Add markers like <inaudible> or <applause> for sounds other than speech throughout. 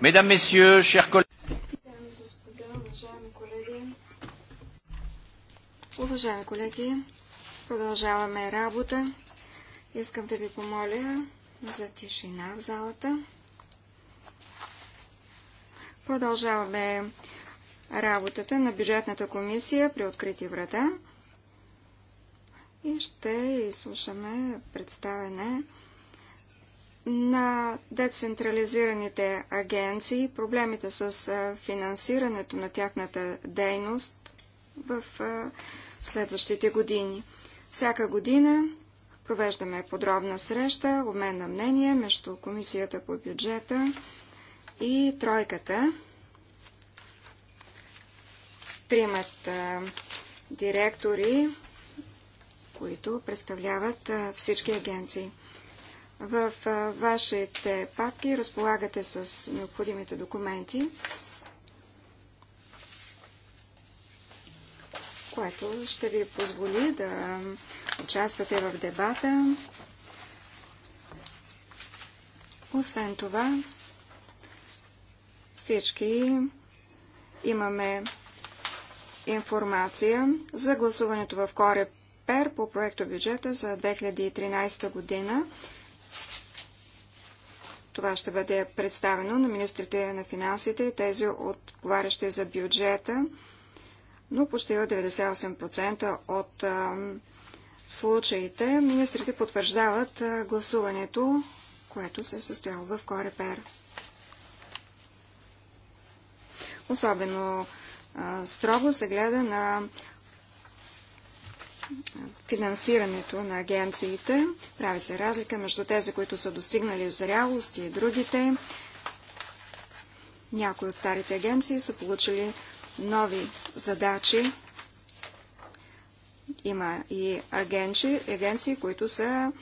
Mesdames, Messieurs, chers collègues. Уважаеми колеги, продължаваме работа. Искам да ви помоля за тишина в залата. Продължаваме работата на бюджетната комисия при открити врата и ще изслушаме представене на децентрализираните агенции, проблемите с финансирането на тяхната дейност в следващите години. Всяка година провеждаме подробна среща, обмен на мнение между Комисията по бюджета и тройката. Тримата директори, които представляват всички агенции. В вашите папки разполагате с необходимите документи, което ще ви позволи да участвате в дебата. Освен това, всички имаме информация за гласуването в Корепер по проекто бюджета за 2013 година. Това ще бъде представено на министрите на финансите и тези отговарящи за бюджета, но почти 98% от случаите министрите потвърждават гласуването, което се е състояло в Корепер. Особено строго се гледа на финансирането на агенциите. Прави се разлика между тези, които са достигнали зрялост и другите. Някои от старите агенции са получили нови задачи. Има и агенции, агенции които са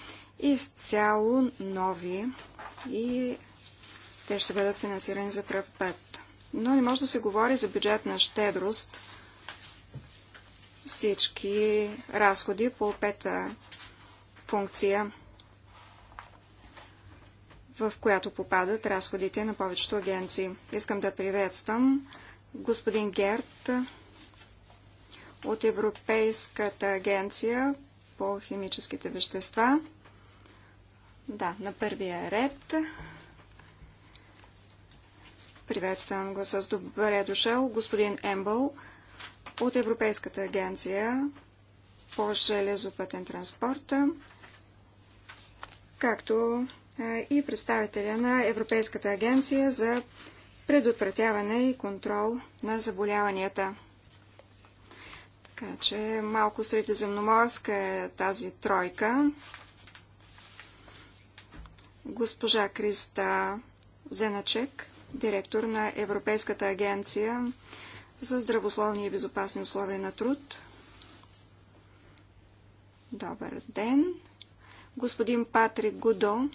изцяло нови и те ще бъдат финансирани за пръв път. Но не може да се говори за бюджетна щедрост – всички разходи по пета функция, в която попадат разходите на повечето агенции. Искам да приветствам господин Герт от Европейската агенция по химическите вещества. Да, на първия ред. Приветствам го с добре дошъл господин Ембъл от Европейската агенция по железопътен транспорт, както е, и представителя на Европейската агенция за предотвратяване и контрол на заболяванията. Така че малко средиземноморска е тази тройка. Госпожа Криста Зеначек, директор на Европейската агенция за здравословни и безопасни условия на труд. Добър ден. Господин Патрик Гудо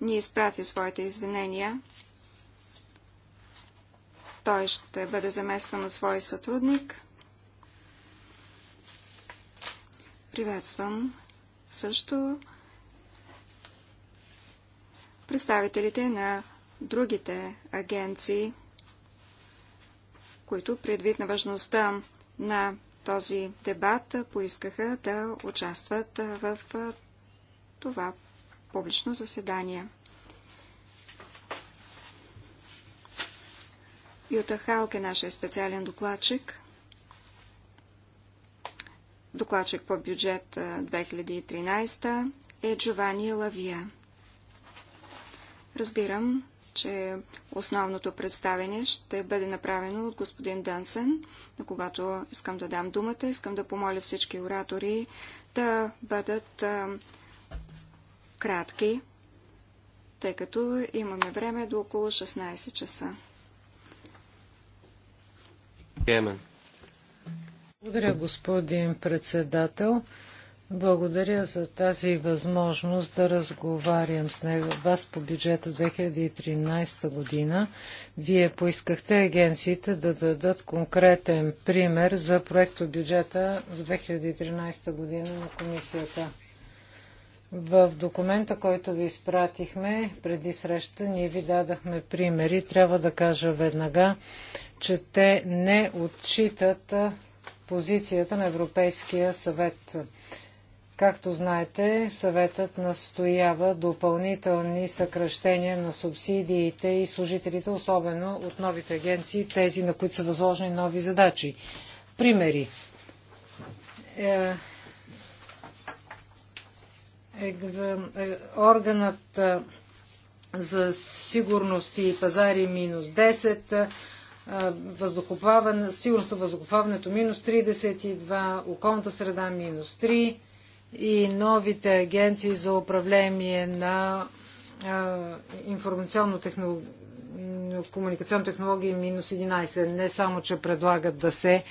ни изпрати своите извинения. Той ще бъде заместен от свой сътрудник. Приветствам също представителите на другите агенции – които предвид на важността на този дебат поискаха да участват в това публично заседание. Юта Халк е нашия специален докладчик. Докладчик по бюджет 2013 е Джованни Лавия. Разбирам, че основното представене ще бъде направено от господин Дънсен. на когато искам да дам думата. Искам да помоля всички оратори да бъдат а, кратки, тъй като имаме време до около 16 часа. Благодаря, господин председател. Благодаря за тази възможност да разговарям с него. вас по бюджета 2013 година. Вие поискахте агенциите да дадат конкретен пример за проекто бюджета за 2013 година на комисията. В документа, който ви изпратихме преди среща, ние ви дадахме примери. Трябва да кажа веднага, че те не отчитат позицията на Европейския съвет Както знаете, съветът настоява допълнителни съкръщения на субсидиите и служителите, особено от новите агенции, тези на които са възложени нови задачи. Примери. Е, е, е, органът е, за сигурност и пазари минус 10, е, въздухоплаване, сигурност на въздухоплаването минус 32, околната среда минус 3, и новите агенции за управление на информационно-комуникационни технологии минус 11. Не само, че предлагат да се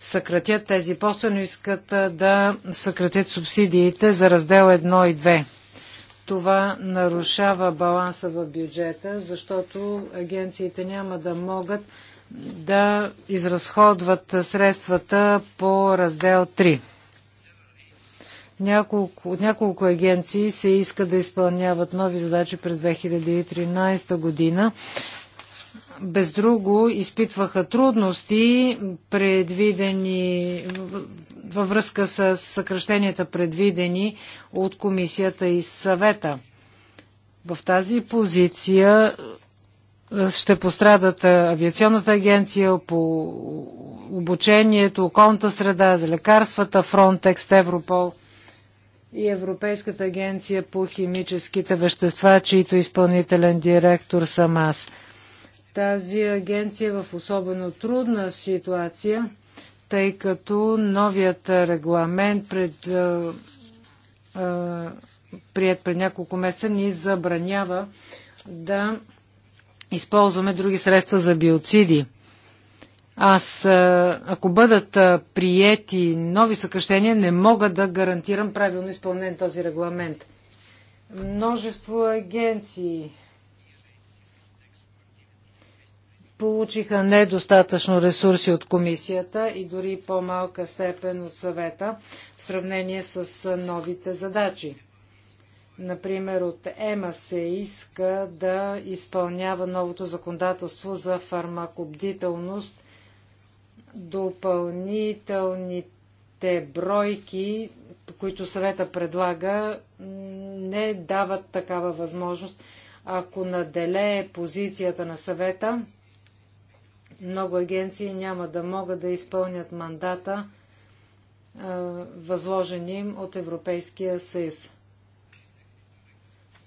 съкратят тези постове, но искат да съкратят субсидиите за раздел 1 и 2. Това нарушава баланса в бюджета, защото агенциите няма да могат да изразходват средствата по раздел 3 няколко, от няколко агенции се иска да изпълняват нови задачи през 2013 година. Без друго изпитваха трудности, предвидени във връзка с съкръщенията, предвидени от комисията и съвета. В тази позиция е, ще пострадат е, авиационната агенция по обучението, околната среда, за лекарствата, Фронтекст, Европол – и Европейската агенция по химическите вещества, чието изпълнителен директор съм аз. Тази агенция е в особено трудна ситуация, тъй като новият регламент пред, пред, пред няколко месеца ни забранява да използваме други средства за биоциди. Аз, е, ако бъдат е, приети нови съкръщения, не мога да гарантирам правилно изпълнен този регламент. Множество агенции получиха недостатъчно ресурси от комисията и дори по-малка степен от съвета в сравнение с е, новите задачи. Например, от ЕМА се иска да изпълнява новото законодателство за фармакобдителност допълнителните бройки, които съвета предлага, не дават такава възможност. Ако наделее позицията на съвета, много агенции няма да могат да изпълнят мандата, възложен им от Европейския съюз.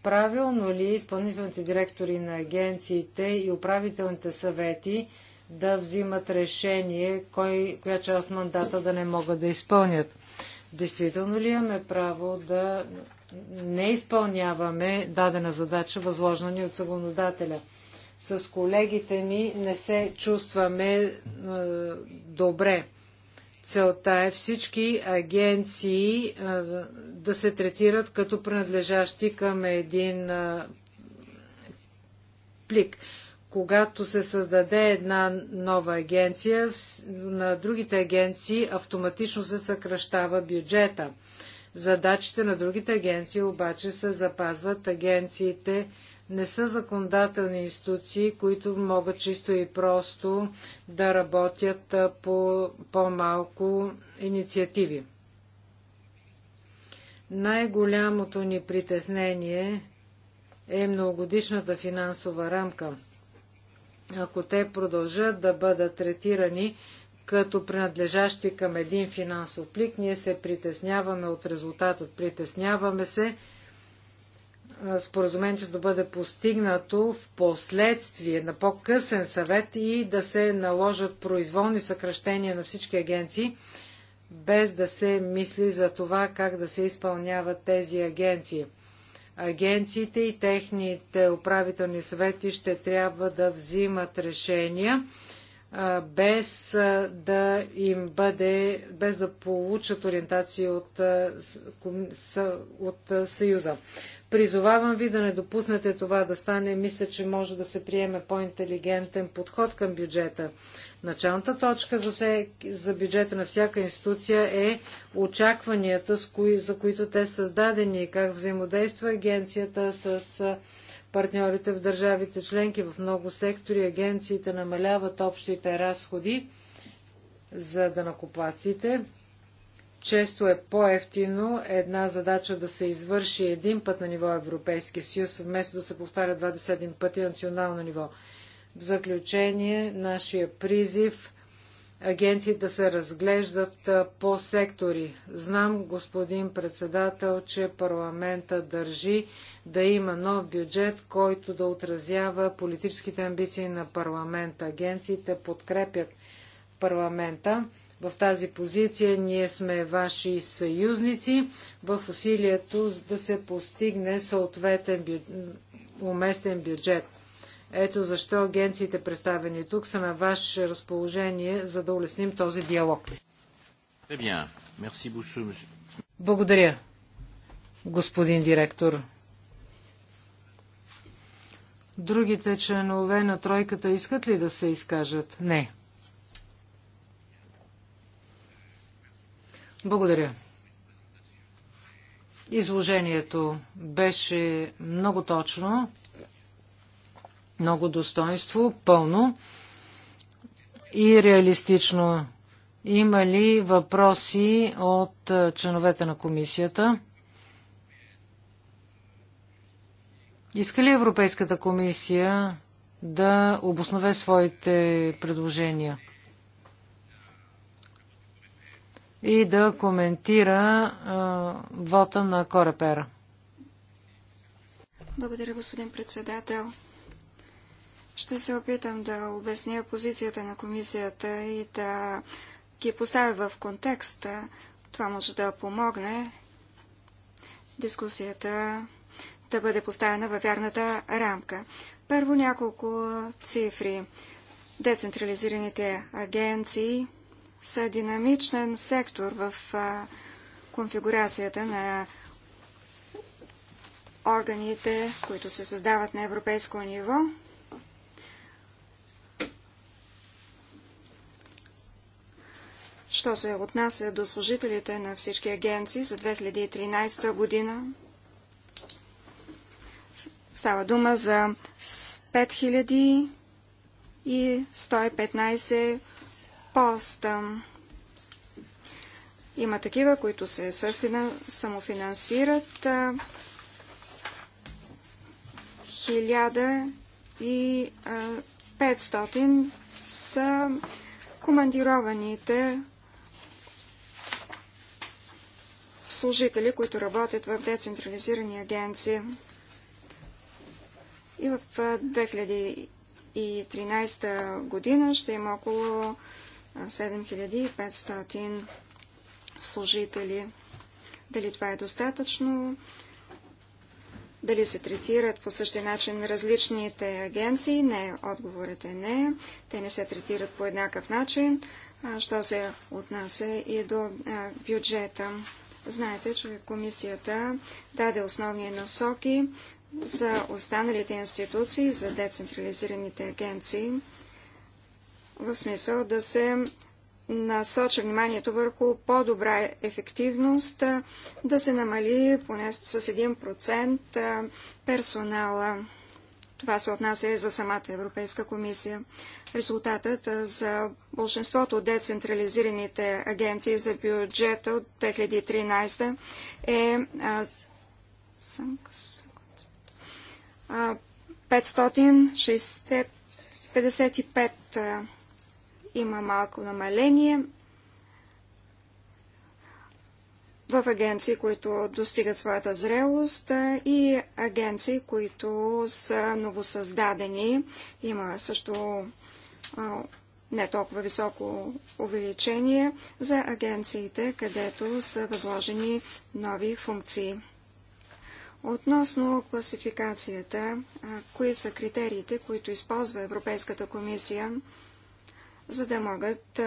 Правилно ли изпълнителните директори на агенциите и управителните съвети да взимат решение, кой, коя част мандата да не могат да изпълнят. Действително ли имаме право да не изпълняваме дадена задача, възложена ни от законодателя? С колегите ми не се чувстваме е, добре. Целта е всички агенции е, да се третират като принадлежащи към един е, плик когато се създаде една нова агенция, на другите агенции автоматично се съкръщава бюджета. Задачите на другите агенции обаче се запазват. Агенциите не са законодателни институции, които могат чисто и просто да работят по по-малко инициативи. Най-голямото ни притеснение е многогодишната финансова рамка ако те продължат да бъдат третирани като принадлежащи към един финансов плик, ние се притесняваме от резултатът. Притесняваме се споразумението да бъде постигнато в последствие на по-късен съвет и да се наложат произволни съкръщения на всички агенции, без да се мисли за това как да се изпълняват тези агенции агенциите и техните управителни съвети ще трябва да взимат решения без да им бъде, без да получат ориентации от, от Съюза. Призовавам ви да не допуснете това да стане. Мисля, че може да се приеме по-интелигентен подход към бюджета. Началната точка за, все, за бюджета на всяка институция е очакванията, с кои, за които те са създадени, как взаимодейства агенцията с партньорите в държавите членки. В много сектори агенциите намаляват общите разходи за данакоплаците. Често е по-ефтино една задача да се извърши един път на ниво Европейски съюз, вместо да се повтаря 27 пъти на национално ниво. В заключение, нашия призив агенциите да се разглеждат по сектори. Знам, господин председател, че парламента държи да има нов бюджет, който да отразява политическите амбиции на парламента. Агенциите подкрепят парламента. В тази позиция ние сме ваши съюзници в усилието да се постигне съответен бю... уместен бюджет. Ето защо агенциите, представени тук, са на ваше разположение, за да улесним този диалог. Благодаря, господин директор. Другите членове на тройката искат ли да се изкажат? Не. Благодаря. Изложението беше много точно много достоинство, пълно и реалистично. Има ли въпроси от е, членовете на комисията? Иска ли Европейската комисия да обоснове своите предложения и да коментира а, е, вота на Корепера? Благодаря, господин председател. Ще се опитам да обясня позицията на комисията и да ги поставя в контекста. Това може да помогне дискусията да бъде поставена във вярната рамка. Първо няколко цифри. Децентрализираните агенции са динамичен сектор в конфигурацията на органите, които се създават на европейско ниво. Що се отнася до служителите на всички агенции за 2013 година, става дума за 5115 поста. Има такива, които се самофинансират. 1500 са командированите служители, които работят в децентрализирани агенции. И в 2013 година ще има около 7500 служители. Дали това е достатъчно? Дали се третират по същия начин различните агенции? Не, отговорът е не. Те не се третират по еднакъв начин, що се отнася и до бюджета. Знаете, че комисията даде основни насоки за останалите институции, за децентрализираните агенции, в смисъл да се насоча вниманието върху по-добра ефективност, да се намали поне с 1% персонала. Това се отнася и за самата Европейска комисия. Резултатът за большинството от децентрализираните агенции за бюджета от 2013 е 555 има малко намаление в агенции, които достигат своята зрелост и агенции, които са новосъздадени. Има също не толкова високо увеличение за агенциите, където са възложени нови функции. Относно класификацията, кои са критериите, които използва Европейската комисия, за да могат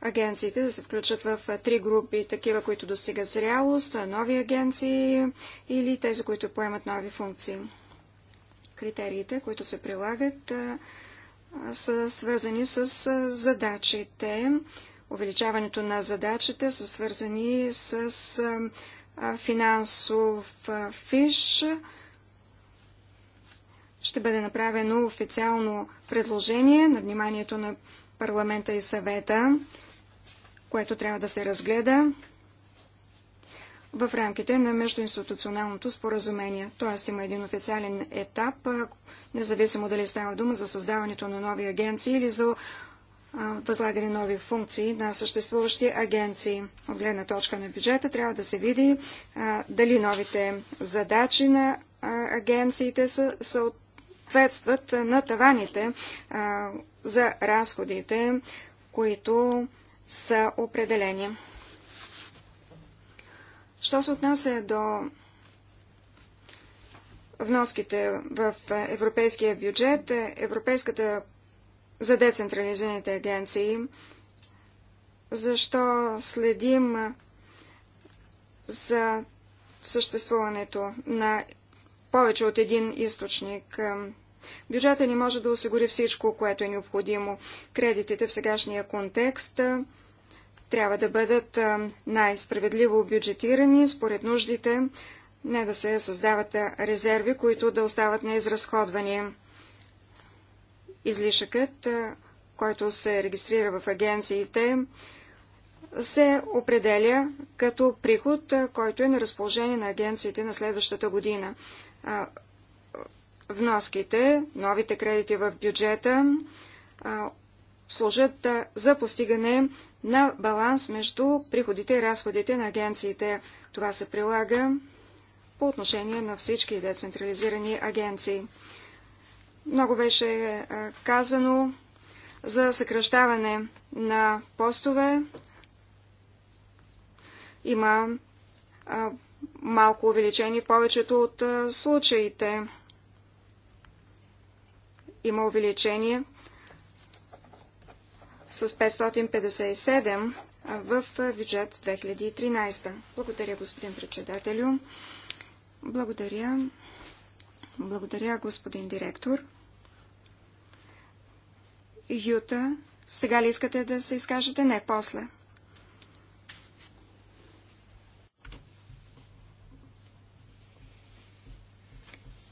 агенциите да се включат в три групи, такива, които достигат зрялост, нови агенции или тези, които поемат нови функции. Критериите, които се прилагат, са свързани с задачите. Увеличаването на задачите са свързани с финансов фиш. Ще бъде направено официално предложение на вниманието на парламента и съвета, което трябва да се разгледа в рамките на междуинституционалното споразумение. Т.е. има един официален етап, независимо дали става дума за създаването на нови агенции или за възлагане нови функции на съществуващи агенции. От гледна точка на бюджета трябва да се види дали новите задачи на агенциите са, съответстват на таваните а, за разходите, които са определени. Що се отнася до вноските в европейския бюджет, Европейската за децентрализираните агенции, защо следим за съществуването на повече от един източник. Бюджета ни може да осигури всичко, което е необходимо. Кредитите в сегашния контекст трябва да бъдат най-справедливо бюджетирани според нуждите, не да се създават резерви, които да остават неизразходвани. Излишъкът, който се регистрира в агенциите, се определя като приход, който е на разположение на агенциите на следващата година. Вноските, новите кредити в бюджета служат за постигане на баланс между приходите и разходите на агенциите. Това се прилага по отношение на всички децентрализирани агенции. Много беше казано за съкръщаване на постове. Има малко увеличение в повечето от случаите. Има увеличение с 557 в бюджет 2013. Благодаря, господин председателю. Благодаря. Благодаря, господин директор. Юта, сега ли искате да се изкажете? Не, после.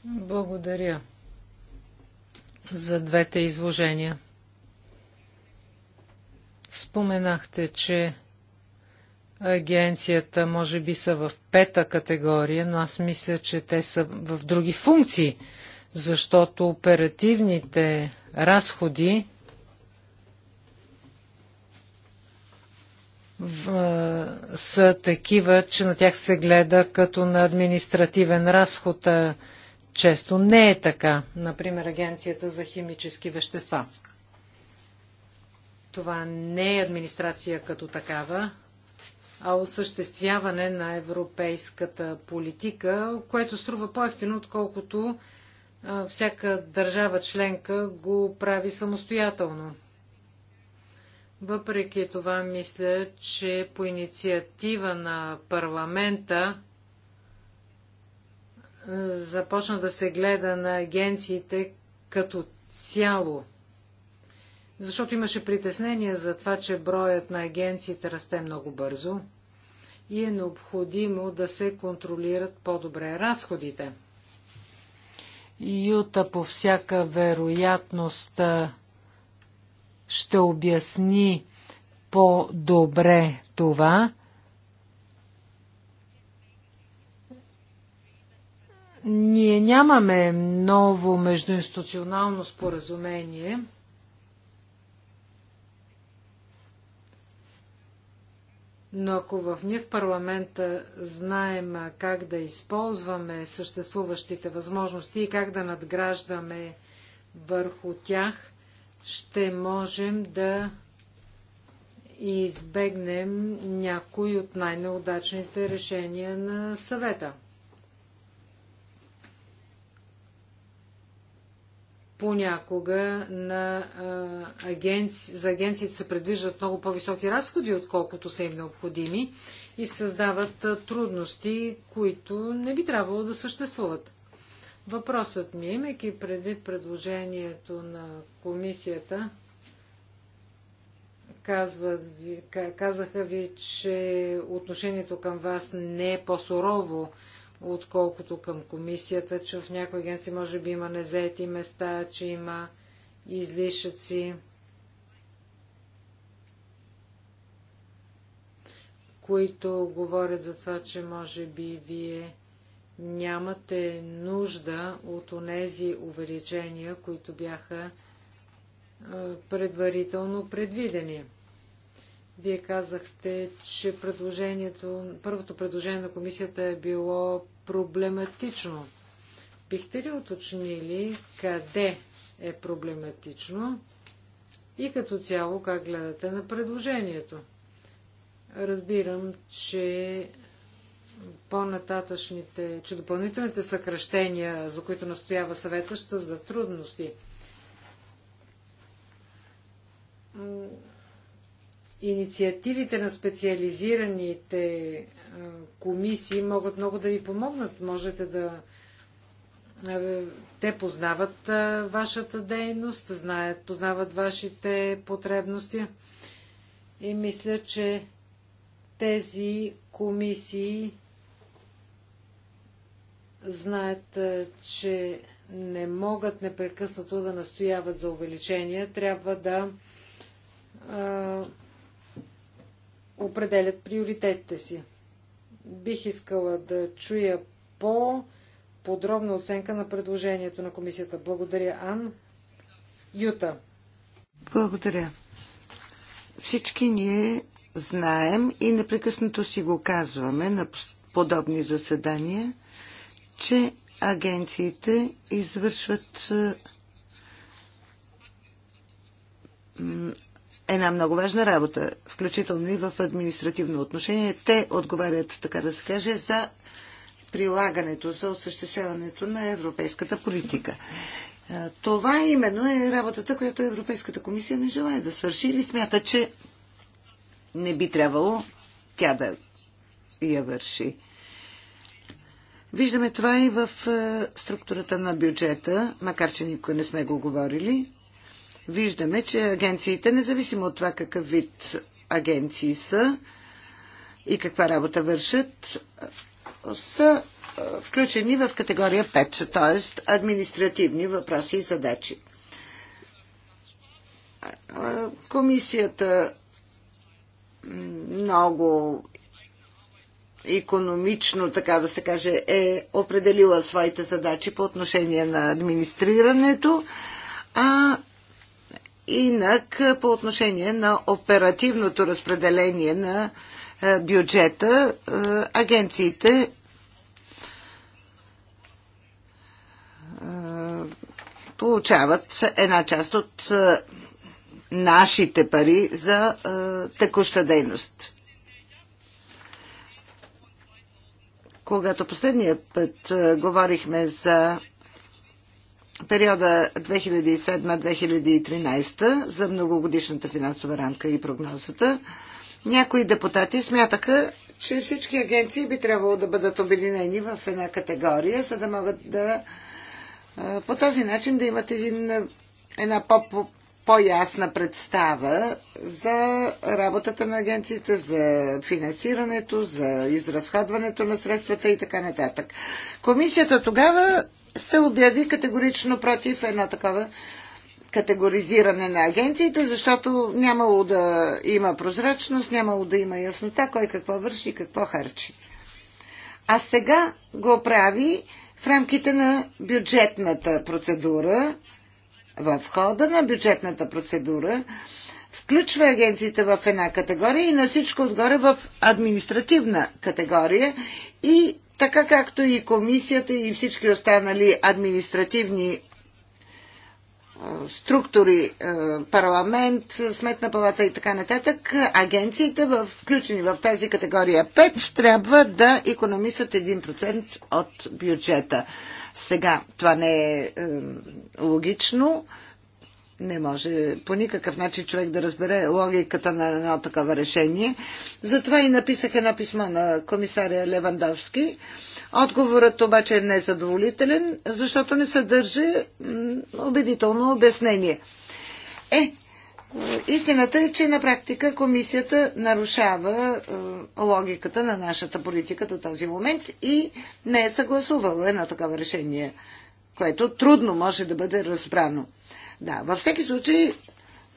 Благодаря за двете изложения. Споменахте, че агенцията може би са в пета категория, но аз мисля, че те са в други функции, защото оперативните разходи в, са такива, че на тях се гледа като на административен разход. Често не е така. Например, Агенцията за химически вещества. Това не е администрация като такава, а осъществяване на европейската политика, което струва по-ефтино, отколкото всяка държава членка го прави самостоятелно. Въпреки това, мисля, че по инициатива на парламента започна да се гледа на агенциите като цяло – защото имаше притеснение за това, че броят на агенциите расте много бързо и е необходимо да се контролират по-добре разходите. Юта по всяка вероятност ще обясни по-добре това. Ние нямаме ново междуинституционално споразумение. Но ако в ние в парламента знаем как да използваме съществуващите възможности и как да надграждаме върху тях, ще можем да избегнем някои от най-неудачните решения на съвета. понякога на, а, агенци... за агенциите се предвиждат много по-високи разходи, отколкото са им необходими и създават трудности, които не би трябвало да съществуват. Въпросът ми, имайки предвид предложението на комисията, казва, казаха ви, че отношението към вас не е по-сурово отколкото към комисията, че в някои агенции може би има незаети места, че има излишъци, които говорят за това, че може би вие нямате нужда от онези увеличения, които бяха предварително предвидени. Вие казахте, че предложението, първото предложение на комисията е било проблематично. Бихте ли уточнили къде е проблематично и като цяло как гледате на предложението? Разбирам, че по-нататъчните, че допълнителните съкръщения, за които настоява съвета, ще за трудности инициативите на специализираните комисии могат много да ви помогнат. Можете да. Те познават вашата дейност, знаят, познават вашите потребности. И мисля, че тези комисии знаят, че не могат непрекъснато да настояват за увеличение. Трябва да определят приоритетите си. Бих искала да чуя по-подробна оценка на предложението на комисията. Благодаря, Ан. Юта. Благодаря. Всички ние знаем и непрекъснато си го казваме на подобни заседания, че агенциите извършват една много важна работа, включително и в административно отношение. Те отговарят, така да се каже, за прилагането, за осъществяването на европейската политика. Това именно е работата, която Европейската комисия не желая да свърши или смята, че не би трябвало тя да я върши. Виждаме това и в структурата на бюджета, макар че никой не сме го говорили виждаме, че агенциите, независимо от това какъв вид агенции са и каква работа вършат, са включени в категория 5, т.е. административни въпроси и задачи. Комисията много економично, така да се каже, е определила своите задачи по отношение на администрирането, а Инак, по отношение на оперативното разпределение на бюджета, агенциите получават една част от нашите пари за текуща дейност. Когато последния път говорихме за периода 2007-2013 за многогодишната финансова рамка и прогнозата, някои депутати смятаха, че всички агенции би трябвало да бъдат обединени в една категория, за да могат да по този начин да имат един, една по, по-ясна представа за работата на агенциите, за финансирането, за изразходването на средствата и така нататък. Комисията тогава се обяви категорично против едно такова категоризиране на агенциите, защото нямало да има прозрачност, нямало да има яснота кой какво върши и какво харчи. А сега го прави в рамките на бюджетната процедура, в хода на бюджетната процедура, включва агенциите в една категория и на всичко отгоре в административна категория и така както и комисията и всички останали административни е, структури, е, парламент, сметна палата и така нататък, агенциите, включени в тази категория 5, трябва да економисат 1% от бюджета. Сега, това не е, е логично не може по никакъв начин човек да разбере логиката на едно такова решение. Затова и написах едно писмо на комисаря Левандовски. Отговорът обаче е незадоволителен, защото не съдържа убедително обяснение. Е, истината е, че на практика комисията нарушава е, логиката на нашата политика до този момент и не е съгласувала едно такова решение, което трудно може да бъде разбрано. Да, във всеки случай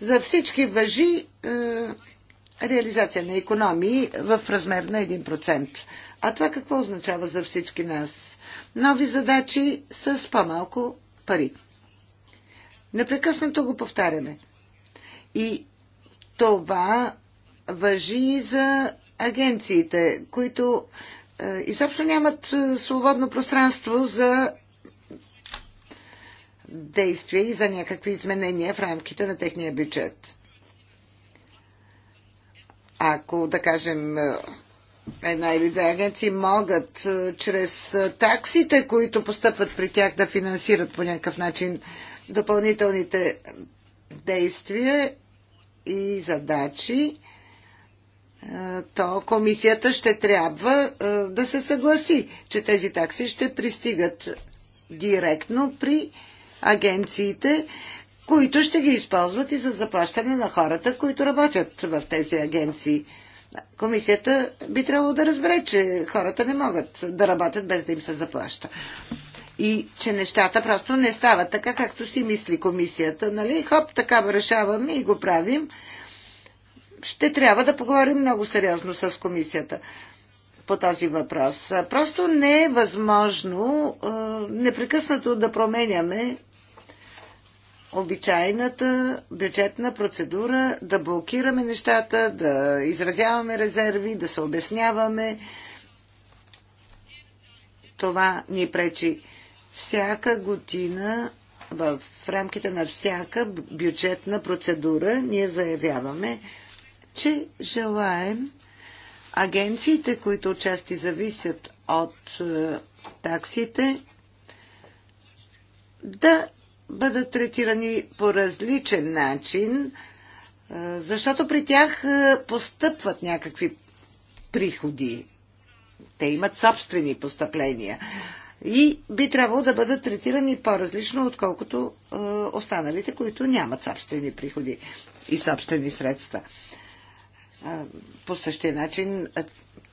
за всички въжи е, реализация на економии в размер на 1%. А това какво означава за всички нас? Нови задачи с по-малко пари. Непрекъснато го повтаряме. И това въжи и за агенциите, които е, изобщо нямат е, свободно пространство за действия и за някакви изменения в рамките на техния бюджет. Ако, да кажем, една или две агенции могат е, чрез е, таксите, които постъпват при тях, да финансират по някакъв начин допълнителните действия и задачи, е, то комисията ще трябва да се съгласи, че тези такси ще пристигат директно при агенциите, които ще ги използват и за заплащане на хората, които работят в тези агенции. Комисията би трябвало да разбере, че хората не могат да работят без да им се заплаща. И че нещата просто не стават така, както си мисли комисията. Нали? Хоп, така решаваме и го правим. Ще трябва да поговорим много сериозно с комисията по този въпрос. Просто не е възможно е, непрекъснато да променяме обичайната бюджетна процедура да блокираме нещата, да изразяваме резерви, да се обясняваме. Това ни пречи. Всяка година в рамките на всяка бюджетна процедура ние заявяваме, че желаем агенциите, които отчасти зависят от е, таксите, да бъдат третирани по различен начин, защото при тях постъпват някакви приходи. Те имат собствени постъпления и би трябвало да бъдат третирани по-различно, отколкото останалите, които нямат собствени приходи и собствени средства. по същия начин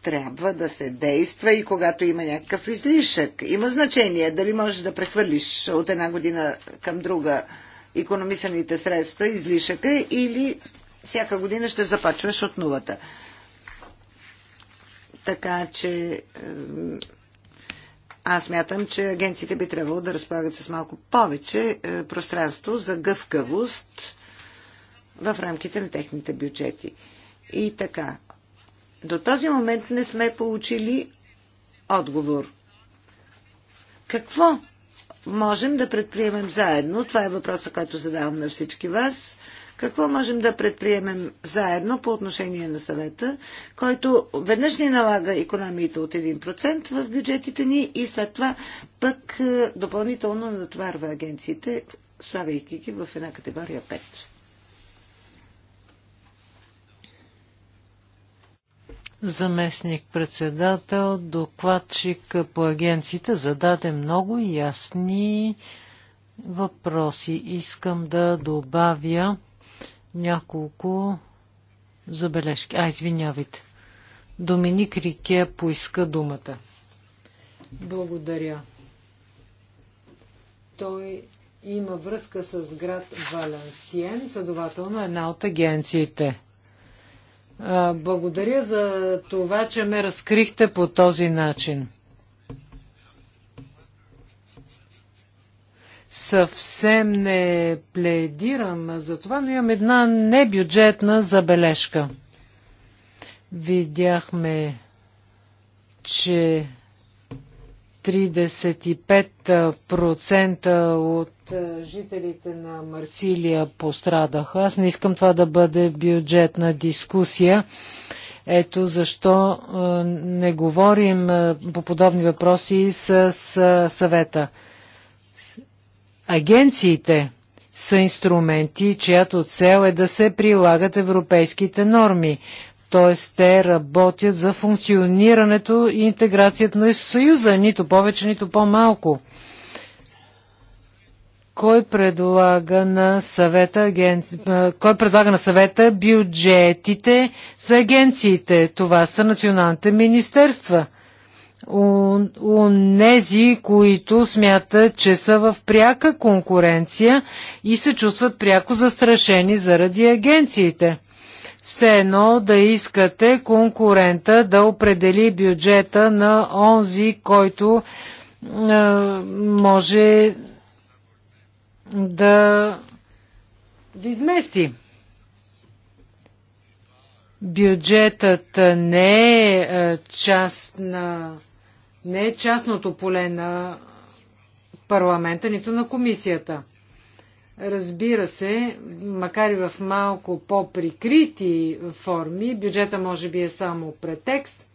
трябва да се действа и когато има някакъв излишък. Има значение дали можеш да прехвърлиш от една година към друга економисаните средства, излишъка или всяка година ще започваш от нулата. Така че аз мятам, че агенциите би трябвало да разполагат с малко повече е, пространство за гъвкавост в рамките на техните бюджети. И така, до този момент не сме получили отговор. Какво можем да предприемем заедно? Това е въпроса, който задавам на всички вас. Какво можем да предприемем заедно по отношение на съвета, който веднъж ни налага економиите от 1% в бюджетите ни и след това пък е, допълнително натоварва агенциите, слагайки ги в една категория 5? заместник-председател, докладчик по агенцията зададе много ясни въпроси. Искам да добавя няколко забележки. А, извинявайте. Доминик Рике поиска думата. Благодаря. Той има връзка с град Валенсиен, следователно една от агенциите. Благодаря за това, че ме разкрихте по този начин. Съвсем не пледирам за това, но имам една небюджетна забележка. Видяхме, че 35% от е, жителите на Марсилия пострадаха. Аз не искам това да бъде бюджетна дискусия. Ето защо е, не говорим е, по подобни въпроси с съвета. Агенциите са инструменти, чиято цел е да се прилагат европейските норми. Т.е. те работят за функционирането и интеграцията на Съюза, нито повече, нито по-малко. Кой предлага на съвета, Кой предлага на съвета бюджетите за агенциите? Това са националните министерства. Онези, които смятат, че са в пряка конкуренция и се чувстват пряко застрашени заради агенциите. Все едно да искате конкурента да определи бюджета на онзи, който е, може да ви измести. Бюджетът не е, е част на не е частното поле на парламента, нито на комисията. Разбира се, макар и в малко по-прикрити форми, бюджета може би е само претекст.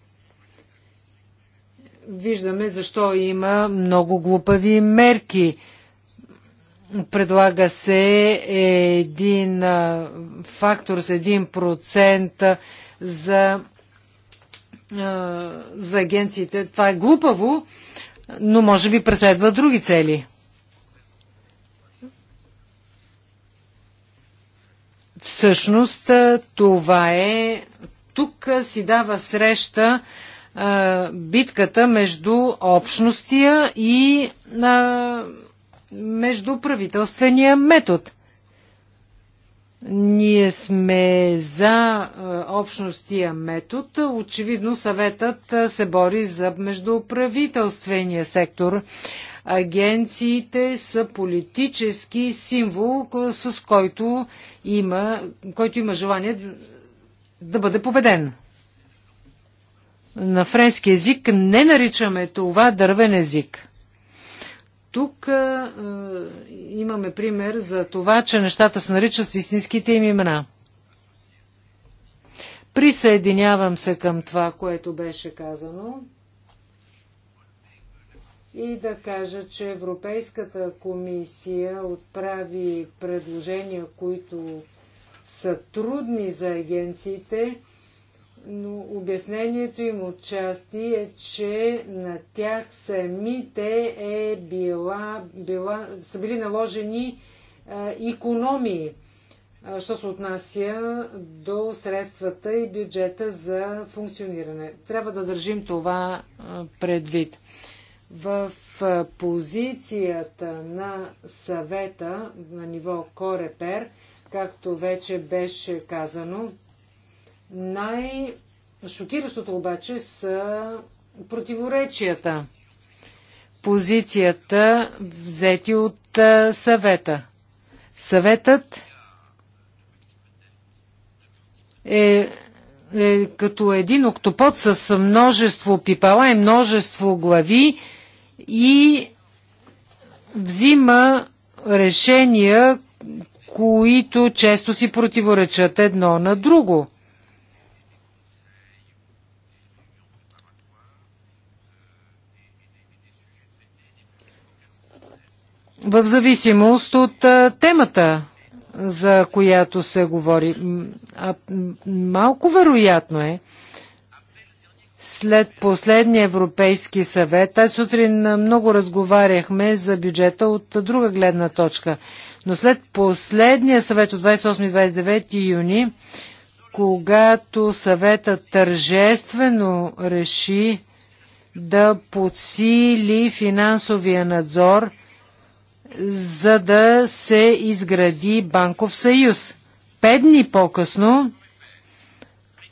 Виждаме защо има много глупави мерки Предлага се един фактор с 1% за, за агенциите. Това е глупаво, но може би преследва други цели. Всъщност това е. Тук си дава среща битката между общностия и междуправителствения метод. Ние сме за е, общностия метод. Очевидно съветът е, се бори за междуправителствения сектор. Агенциите са политически символ, е, с който има, който има желание да бъде победен. На френски език не наричаме това дървен език тук а, имаме пример за това, че нещата се наричат с истинските им имена. Присъединявам се към това, което беше казано и да кажа, че Европейската комисия отправи предложения, които са трудни за агенциите но обяснението им отчасти е, че на тях самите е била, била, са били наложени економии, що се отнася до средствата и бюджета за функциониране. Трябва да държим това предвид. В позицията на съвета на ниво Корепер, както вече беше казано, най-шокиращото обаче са противоречията. Позицията взети от съвета. Съветът е, е като един октопод с множество пипала и множество глави и взима решения, които често си противоречат едно на друго. в зависимост от темата, за която се говори. А, малко вероятно е. След последния Европейски съвет, тази сутрин много разговаряхме за бюджета от друга гледна точка, но след последния съвет от 28-29 юни, когато съвета тържествено реши да подсили финансовия надзор – за да се изгради банков съюз. Пет дни по-късно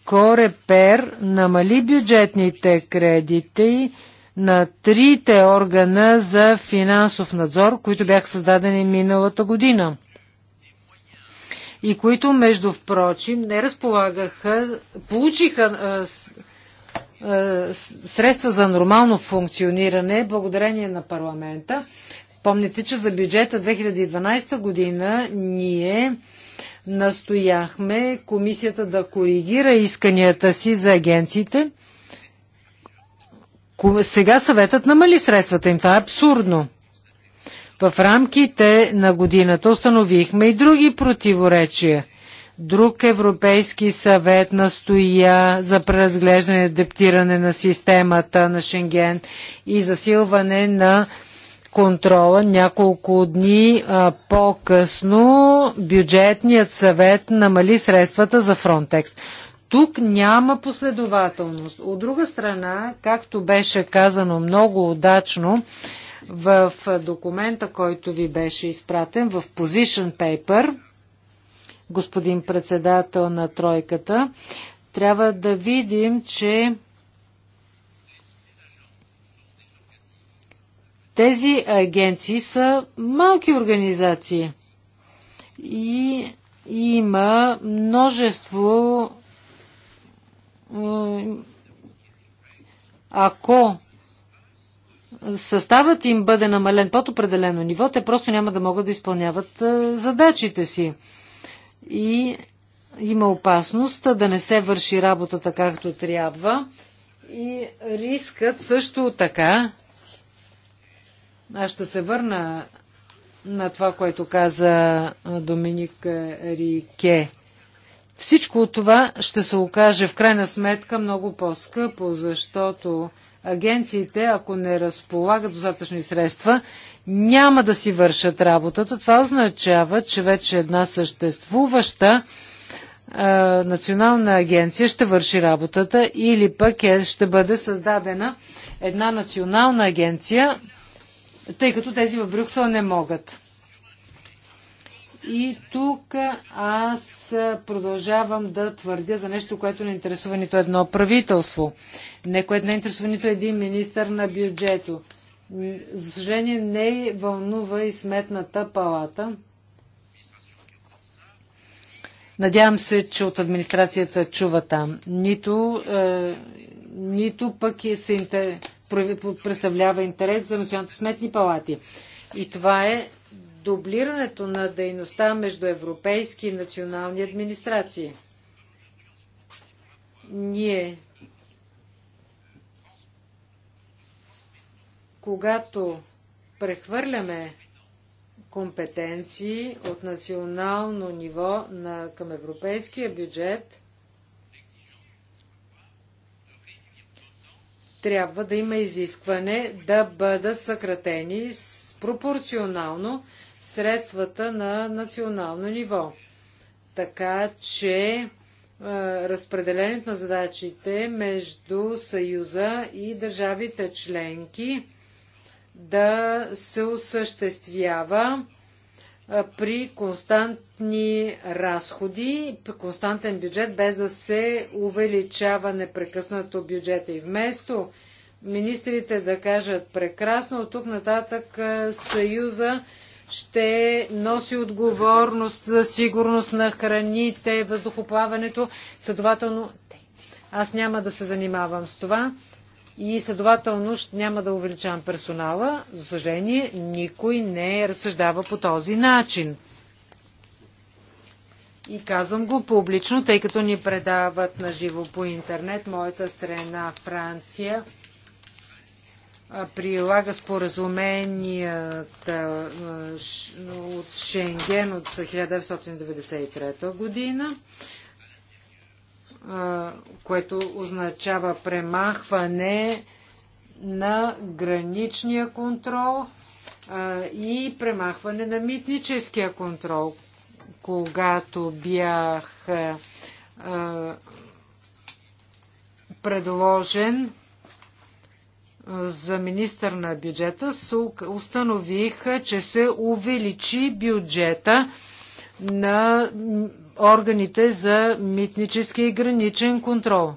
Корепер намали бюджетните кредити на трите органа за финансов надзор, които бяха създадени миналата година и които, между впрочим, не разполагаха, получиха средства за нормално функциониране благодарение на парламента, Помните, че за бюджета 2012 година ние настояхме комисията да коригира исканията си за агенциите. Сега съветът намали средствата им. Това е абсурдно. В рамките на годината установихме и други противоречия. Друг Европейски съвет настоя за преразглеждане и адаптиране на системата на Шенген и засилване на контрола. Няколко дни по-късно бюджетният съвет намали средствата за Фронтекс. Тук няма последователност. От друга страна, както беше казано много удачно в документа, който ви беше изпратен в Position Paper, господин председател на тройката, трябва да видим, че Тези агенции са малки организации и има множество. Е, ако съставът им бъде намален под определено ниво, те просто няма да могат да изпълняват е, задачите си. И има опасност да не се върши работата както трябва. И рискът също така аз ще се върна на това, което каза Доминик Рике. Всичко това ще се окаже в крайна сметка много по-скъпо, защото агенциите, ако не разполагат достатъчни средства, няма да си вършат работата. Това означава, че вече една съществуваща е, национална агенция ще върши работата или пък е, ще бъде създадена една национална агенция, тъй като тези в Брюксел не могат. И тук аз продължавам да твърдя за нещо, което не интересува нито едно правителство, не което не интересува нито един министр на бюджето. За съжаление не вълнува и сметната палата. Надявам се, че от администрацията чува там. Нито, е, нито пък се, представлява интерес за националните сметни палати. И това е дублирането на дейността между европейски и национални администрации. Ние, когато прехвърляме компетенции от национално ниво на, към европейския бюджет – трябва да има изискване да бъдат съкратени пропорционално средствата на национално ниво. Така че е, разпределението на задачите между Съюза и държавите членки да се осъществява при константни разходи, при константен бюджет, без да се увеличава непрекъснато бюджета. И вместо министрите да кажат прекрасно, от тук нататък Съюза ще носи отговорност за сигурност на храните, въздухоплаването. Следователно, аз няма да се занимавам с това и следователно няма да увеличавам персонала. За съжаление, никой не разсъждава по този начин. И казвам го публично, тъй като ни предават на живо по интернет. Моята страна Франция прилага споразуменията от Шенген от 1993 година което означава премахване на граничния контрол и премахване на митническия контрол. Когато бях предложен за министър на бюджета, установих, че се увеличи бюджета на органите за митнически и граничен контрол.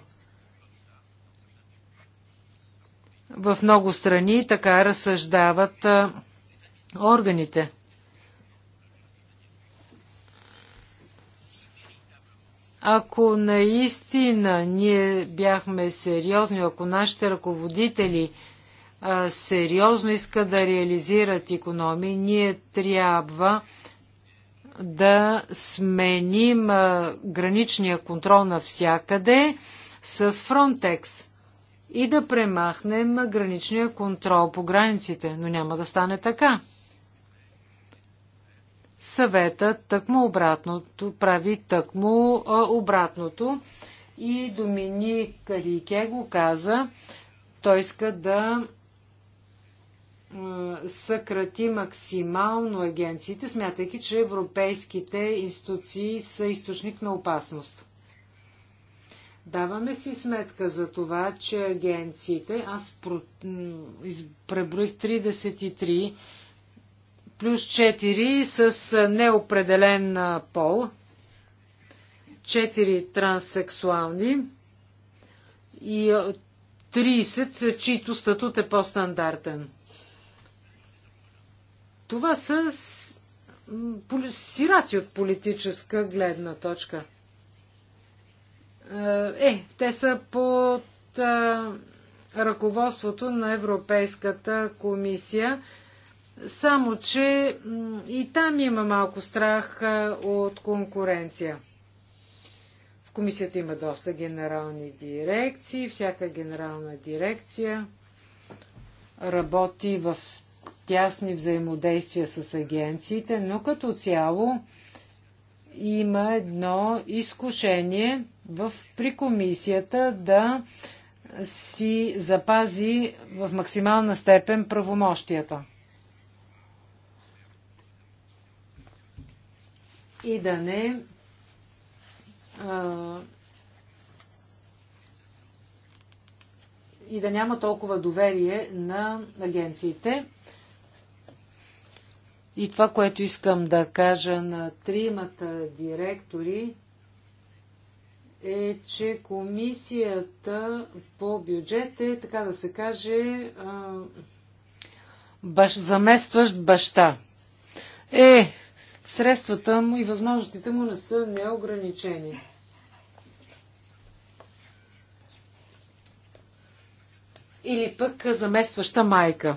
В много страни така разсъждават а, органите. Ако наистина ние бяхме сериозни, ако нашите ръководители а, сериозно искат да реализират економии, ние трябва да сменим граничния контрол навсякъде с Фронтекс и да премахнем граничния контрол по границите, но няма да стане така. Съвета тъкмо обратното, прави тъкмо обратното и Доминик Рике го каза, той иска да съкрати максимално агенциите, смятайки, че европейските институции са източник на опасност. Даваме си сметка за това, че агенциите, аз преброих 33 плюс 4 с неопределен пол, 4 транссексуални и 30, чийто статут е по-стандартен. Това са сираци от политическа гледна точка. Е, е, те са под а, ръководството на Европейската комисия. Само, че и там има малко страх от конкуренция. В комисията има доста генерални дирекции. Всяка генерална дирекция работи в тясни взаимодействия с агенциите, но като цяло има едно изкушение в, при комисията да си запази в максимална степен правомощията. И да не а, и да няма толкова доверие на агенциите. И това, което искам да кажа на тримата директори, е, че комисията по бюджет е, така да се каже, баш, заместващ баща. Е, средствата му и възможностите му не са неограничени. Или пък заместваща майка.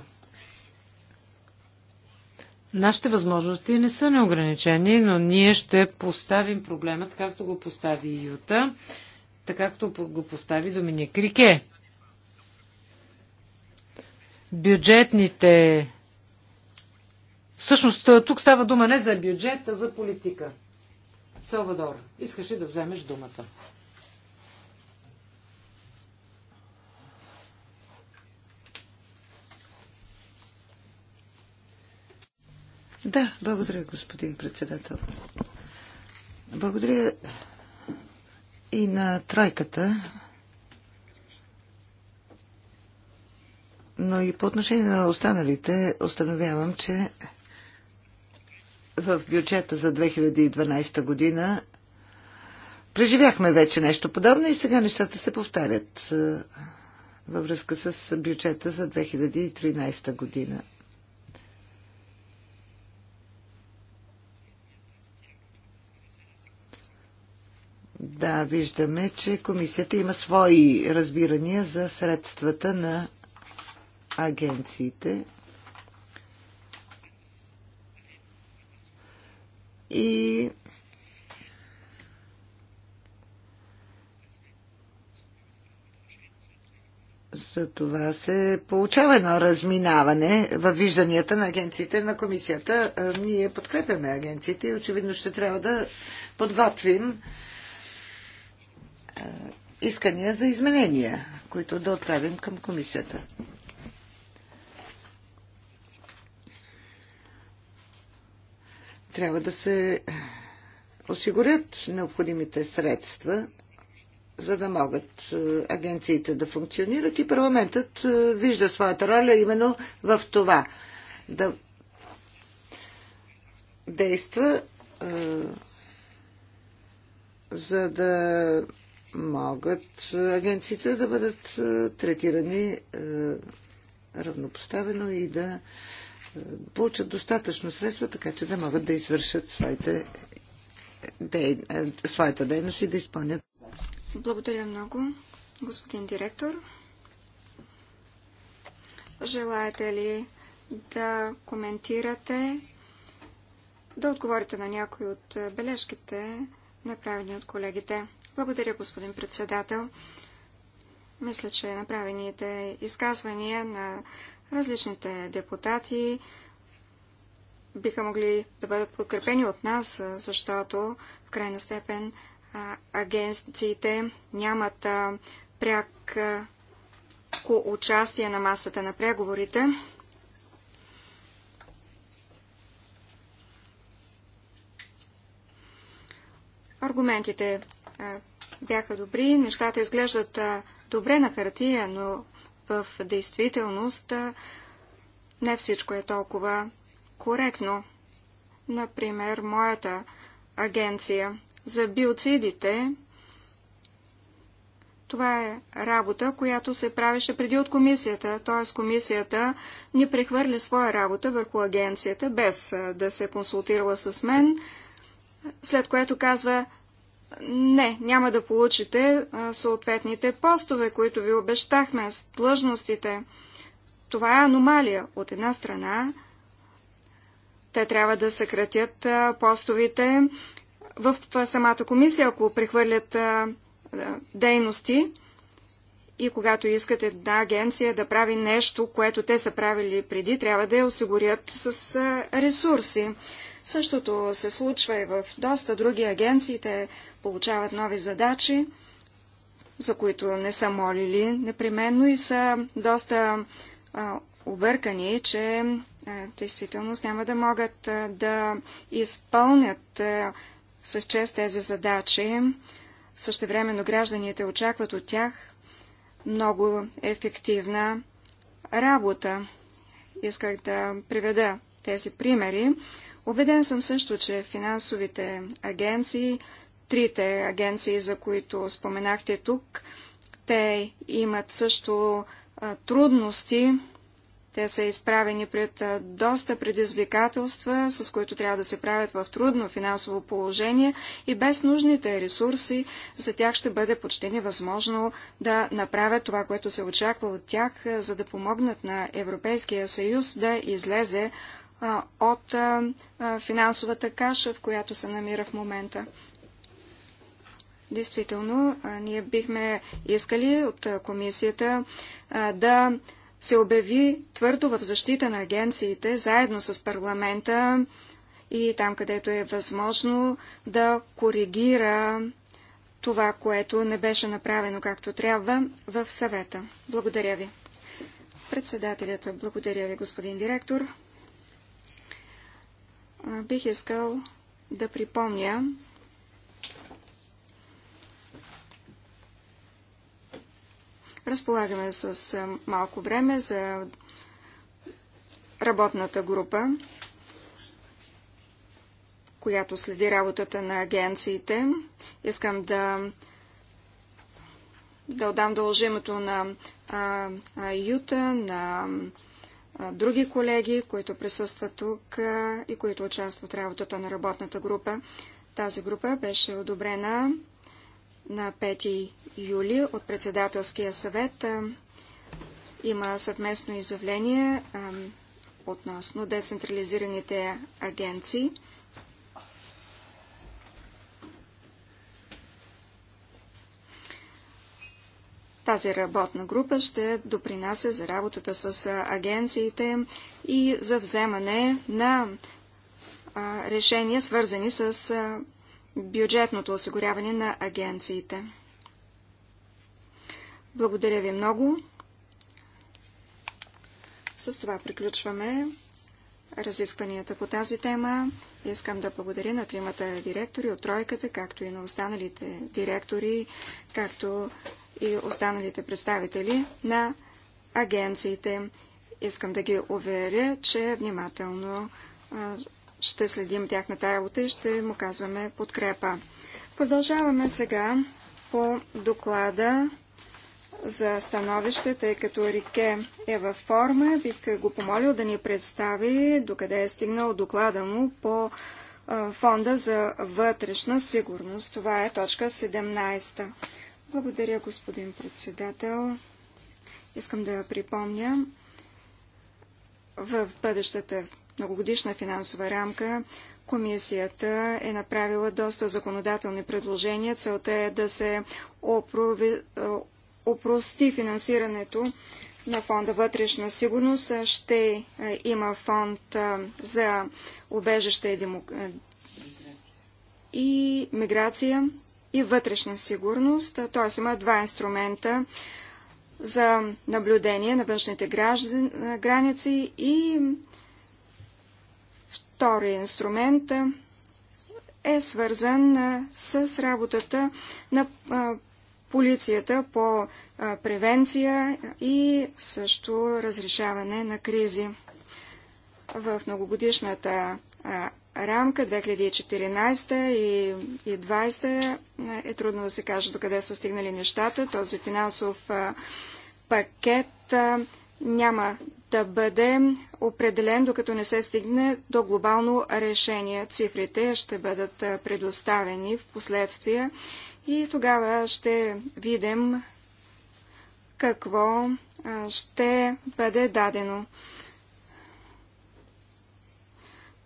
Нашите възможности не са неограничени, но ние ще поставим проблемът, както го постави Юта, така както го постави Доминик Рике. Бюджетните. Всъщност, тук става дума не за бюджет, а за политика. Салвадор, искаш ли да вземеш думата? Да, благодаря, господин председател. Благодаря и на тройката, но и по отношение на останалите установявам, че в бюджета за 2012 година преживяхме вече нещо подобно и сега нещата се повтарят във връзка с бюджета за 2013 година. Да, виждаме, че комисията има свои разбирания за средствата на агенциите. И За това се получава едно разминаване във вижданията на агенциите на комисията. Ние подкрепяме агенциите и очевидно ще трябва да подготвим е, искания за изменения, които да отправим към комисията. Трябва да се осигурят необходимите средства, за да могат е, агенциите да функционират и парламентът е, вижда своята роля именно в това да действа за да могат е, агенциите да бъдат е, третирани е, равнопоставено и да получат достатъчно средства, така че да могат да извършат своите дей... своята дейност и да изпълнят. Благодаря много, господин директор. Желаете ли да коментирате, да отговорите на някои от бележките, направени от колегите? Благодаря, господин председател. Мисля, че направените изказвания на различните депутати биха могли да бъдат подкрепени от нас, защото в крайна степен агенциите нямат пряк участие на масата на преговорите. Аргументите бяха добри, нещата изглеждат добре на хартия, но в действителност не всичко е толкова коректно. Например, моята агенция за биоцидите, това е работа, която се правеше преди от комисията, т.е. комисията ни прехвърли своя работа върху агенцията, без да се консултирала с мен, след което казва, не, няма да получите съответните постове, които ви обещахме с длъжностите. Това е аномалия. От една страна, те трябва да съкратят постовите в самата комисия, ако прехвърлят дейности. И когато искате, една агенция да прави нещо, което те са правили преди, трябва да я осигурят с ресурси. Същото се случва и в доста други агенции. Те получават нови задачи, за които не са молили непременно и са доста а, объркани, че а, действителност няма да могат а, да изпълнят а, с чест тези задачи. Същевременно гражданите очакват от тях много ефективна работа. Исках да приведа тези примери, Обеден съм също, че финансовите агенции, трите агенции, за които споменахте тук, те имат също трудности. Те са изправени пред доста предизвикателства, с които трябва да се правят в трудно финансово положение и без нужните ресурси за тях ще бъде почти невъзможно да направят това, което се очаква от тях, за да помогнат на Европейския съюз да излезе от финансовата каша, в която се намира в момента. Действително, ние бихме искали от комисията да се обяви твърдо в защита на агенциите, заедно с парламента и там, където е възможно да коригира това, което не беше направено както трябва в съвета. Благодаря ви. Председателята, благодаря ви, господин директор бих искал да припомня, разполагаме с малко време за работната група, която следи работата на агенциите. Искам да, да отдам дължимото на а, а, Юта, на други колеги, които присъстват тук и които участват в работата на работната група. Тази група беше одобрена на 5 юли от председателския съвет. Има съвместно изявление относно децентрализираните агенции. Тази работна група ще допринася за работата с агенциите и за вземане на решения, свързани с бюджетното осигуряване на агенциите. Благодаря ви много. С това приключваме разискванията по тази тема. Искам да благодаря на тримата директори от тройката, както и на останалите директори, както и останалите представители на агенциите. Искам да ги уверя, че внимателно ще следим тяхната работа и ще му казваме подкрепа. Продължаваме сега по доклада за становище, тъй като Рике е във форма. Бих го помолил да ни представи докъде е стигнал доклада му по Фонда за вътрешна сигурност. Това е точка 17. Благодаря, господин председател. Искам да припомня в бъдещата многогодишна финансова рамка Комисията е направила доста законодателни предложения. Целта е да се опрови, е, опрости финансирането на фонда вътрешна сигурност. Ще е, има фонд е, за убежище и, демок... и миграция и вътрешна сигурност. Т.е. има два инструмента за наблюдение на външните граждан, граници и втори инструмент е свързан с работата на полицията по превенция и също разрешаване на кризи. В многогодишната рамка 2014 и 2020 е, е трудно да се каже докъде са стигнали нещата. Този финансов пакет няма да бъде определен, докато не се стигне до глобално решение. Цифрите ще бъдат предоставени в последствие и тогава ще видим какво ще бъде дадено.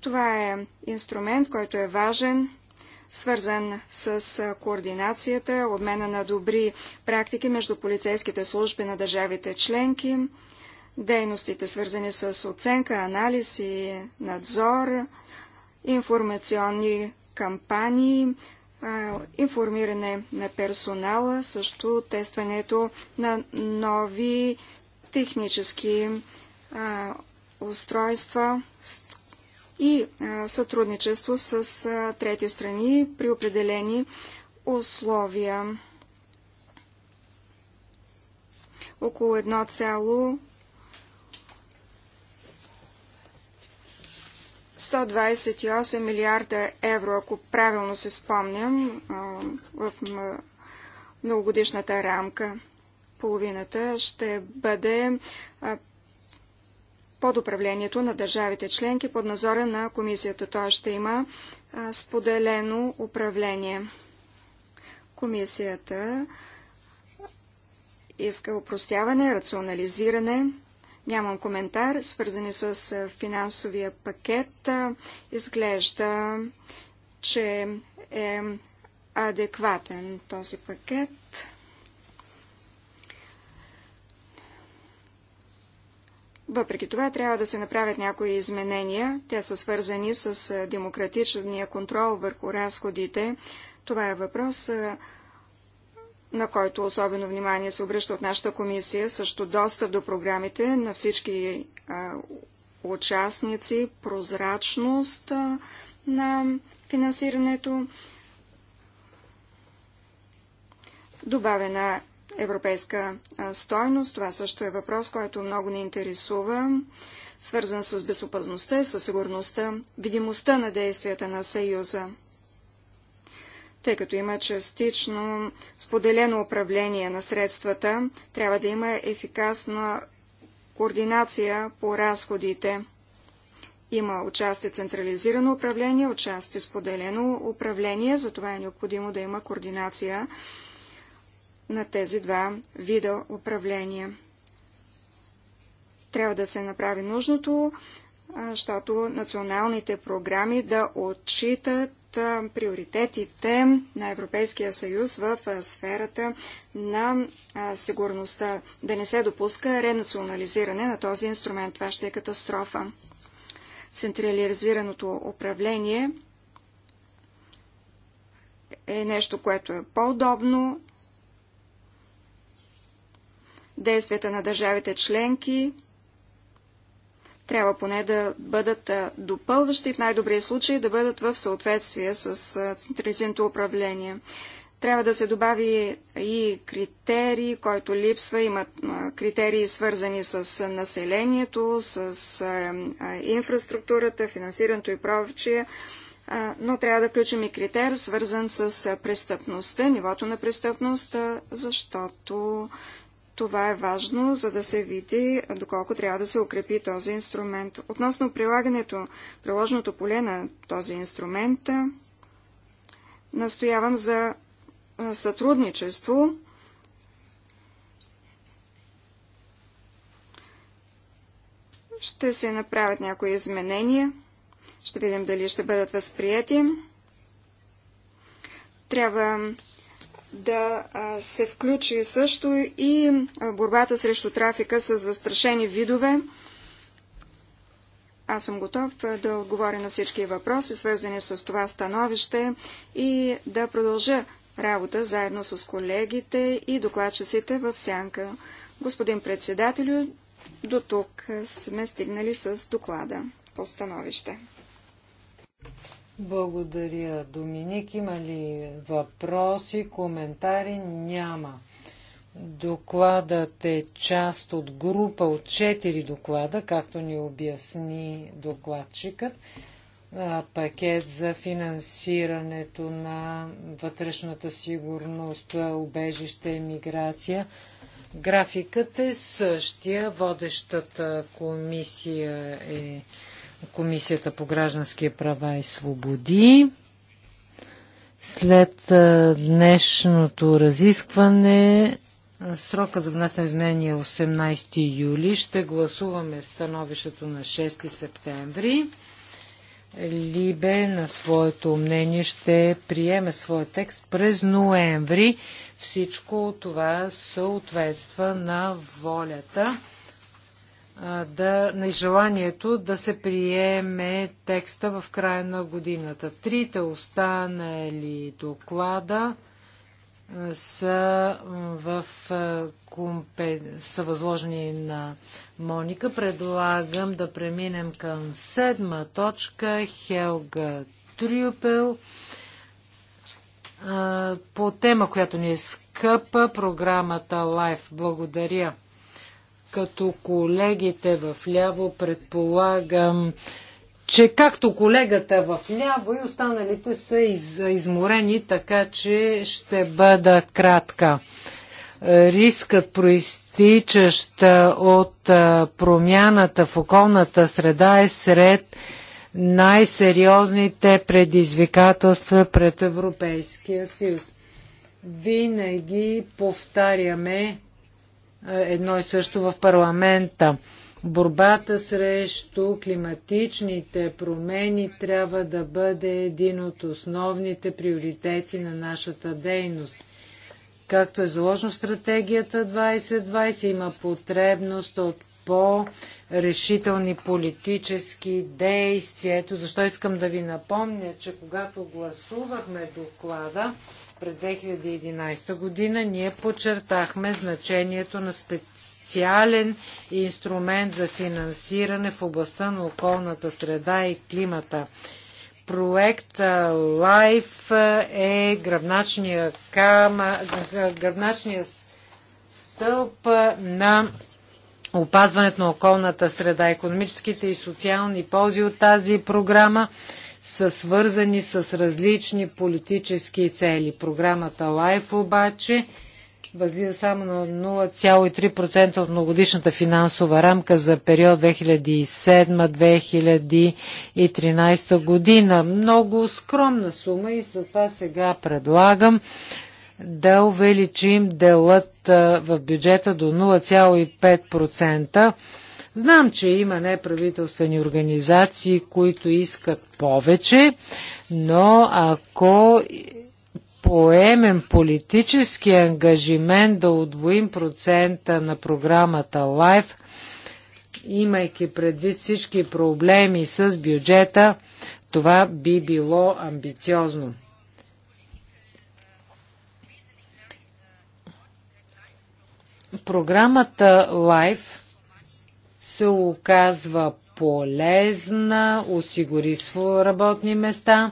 Това е инструмент, който е важен, свързан с координацията, обмена на добри практики между полицейските служби на държавите членки, дейностите свързани с оценка, анализ и надзор, информационни кампании, информиране на персонала, също тестването на нови технически устройства и сътрудничество с трети страни при определени условия. Около 1,5 128 милиарда евро, ако правилно се спомням, в многогодишната рамка. Половината ще бъде под управлението на държавите членки, под назора на комисията. Той ще има споделено управление. Комисията иска упростяване, рационализиране. Нямам коментар, свързани с финансовия пакет. Изглежда, че е адекватен този пакет. Въпреки това трябва да се направят някои изменения. Те са свързани с демократичния контрол върху разходите. Това е въпрос, на който особено внимание се обръща от нашата комисия, също достъп до програмите на всички участници, прозрачност на финансирането, добавена европейска стойност. Това също е въпрос, който много ни интересува, свързан с безопасността, със сигурността, видимостта на действията на Съюза. Тъй като има частично споделено управление на средствата, трябва да има ефикасна координация по разходите. Има участие централизирано управление, участие споделено управление, затова е необходимо да има координация на тези два вида управления. Трябва да се направи нужното, защото националните програми да отчитат приоритетите на Европейския съюз в сферата на сигурността. Да не се допуска ренационализиране на този инструмент. Това ще е катастрофа. Централизираното управление е нещо, което е по-удобно, действията на държавите членки трябва поне да бъдат допълващи, в най-добрия случай да бъдат в съответствие с централизираното управление. Трябва да се добави и критерии, който липсва. Имат критерии свързани с населението, с инфраструктурата, финансирането и прочие. Но трябва да включим и критер, свързан с престъпността, нивото на престъпността, защото това е важно, за да се види доколко трябва да се укрепи този инструмент. Относно прилагането, приложното поле на този инструмент, настоявам за сътрудничество. Ще се направят някои изменения. Ще видим дали ще бъдат възприяти. Трябва да се включи също и борбата срещу трафика с застрашени видове. Аз съм готов да отговоря на всички въпроси, свързани с това становище и да продължа работа заедно с колегите и докладчиците в сянка. Господин председателю, до тук сме стигнали с доклада по становище. Благодаря, Доминик. Има ли въпроси, коментари? Няма. Докладът е част от група от 4 доклада, както ни обясни докладчикът. Пакет за финансирането на вътрешната сигурност, убежище и миграция. Графикът е същия. Водещата комисия е Комисията по граждански права и свободи. След днешното разискване Срокът за на изменение е 18 юли. Ще гласуваме становището на 6 септември. Либе на своето мнение ще приеме своя текст през ноември. Всичко това съответства на волята да, на желанието да се приеме текста в края на годината. Трите останали доклада са, в, са възложени на Моника. Предлагам да преминем към седма точка. Хелга Трюпел по тема, която ни е скъпа, програмата Life. Благодаря като колегите в ляво, предполагам, че както колегата в ляво и останалите са из, изморени, така че ще бъда кратка. Рискът, проистичаща от промяната в околната среда е сред най-сериозните предизвикателства пред Европейския съюз. Винаги повтаряме, едно и също в парламента. Борбата срещу климатичните промени трябва да бъде един от основните приоритети на нашата дейност. Както е заложено в стратегията 2020, има потребност от по-решителни политически действия. Ето защо искам да ви напомня, че когато гласувахме доклада, през 2011 година ние подчертахме значението на специален инструмент за финансиране в областта на околната среда и климата. Проект LIFE е гръбначния, кама, гръбначния стълб на опазването на околната среда, економическите и социални ползи от тази програма са свързани с различни политически цели. Програмата LIFE обаче възлиза само на 0,3% от многодишната финансова рамка за период 2007-2013 година. Много скромна сума и затова сега предлагам да увеличим делът в бюджета до 0,5% Знам, че има неправителствени организации, които искат повече, но ако поемем политически ангажимент да отвоим процента на програмата LIFE, имайки предвид всички проблеми с бюджета, това би било амбициозно. Програмата LIFE се оказва полезна, осигури работни места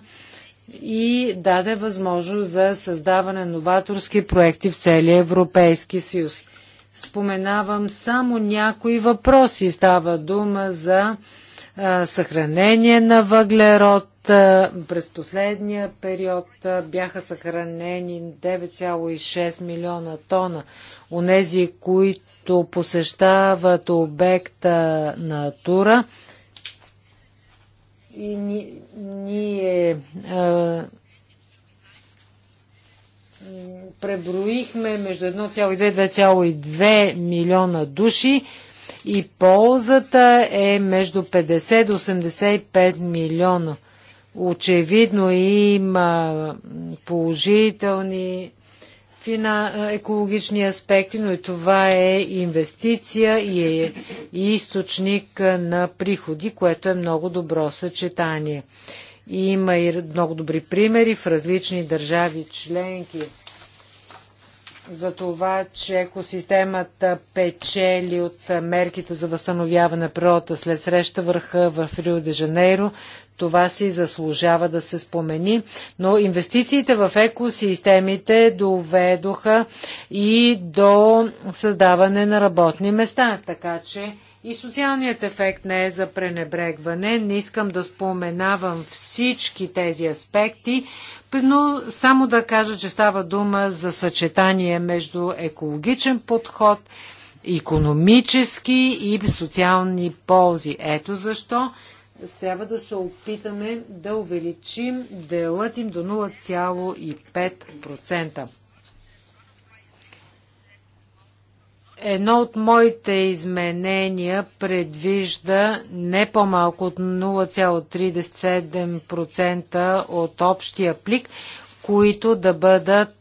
и даде възможност за създаване новаторски проекти в целия Европейски съюз. Споменавам само някои въпроси. Става дума за а, съхранение на въглерод. През последния период бяха съхранени 9,6 милиона тона. Онези, които които посещават обекта на тура. И ние а, преброихме между 1,2 и 2,2 милиона души и ползата е между 50 до 85 милиона. Очевидно има положителни екологични аспекти, но и това е инвестиция и е и източник на приходи, което е много добро съчетание. Има и много добри примери в различни държави членки за това, че екосистемата печели от мерките за възстановяване на природата след среща върха в Рио де Жанейро. Това си заслужава да се спомени, но инвестициите в екосистемите доведоха и до създаване на работни места, така че и социалният ефект не е за пренебрегване. Не искам да споменавам всички тези аспекти, но само да кажа, че става дума за съчетание между екологичен подход, економически и социални ползи. Ето защо трябва да се опитаме да увеличим делът им до 0,5%. Едно от моите изменения предвижда не по-малко от 0,37% от общия плик, които да бъдат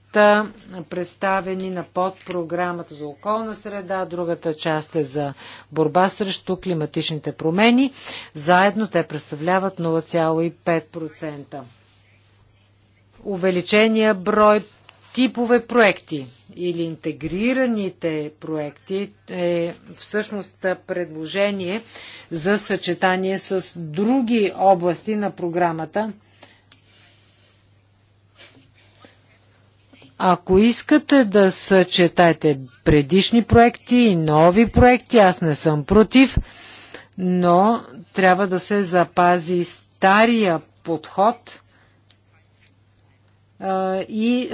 представени на подпрограмата за околна среда, другата част е за борба срещу климатичните промени. Заедно те представляват 0,5%. Увеличения брой типове проекти или интегрираните проекти е всъщност предложение за съчетание с други области на програмата. Ако искате да съчетаете предишни проекти и нови проекти, аз не съм против, но трябва да се запази стария подход – и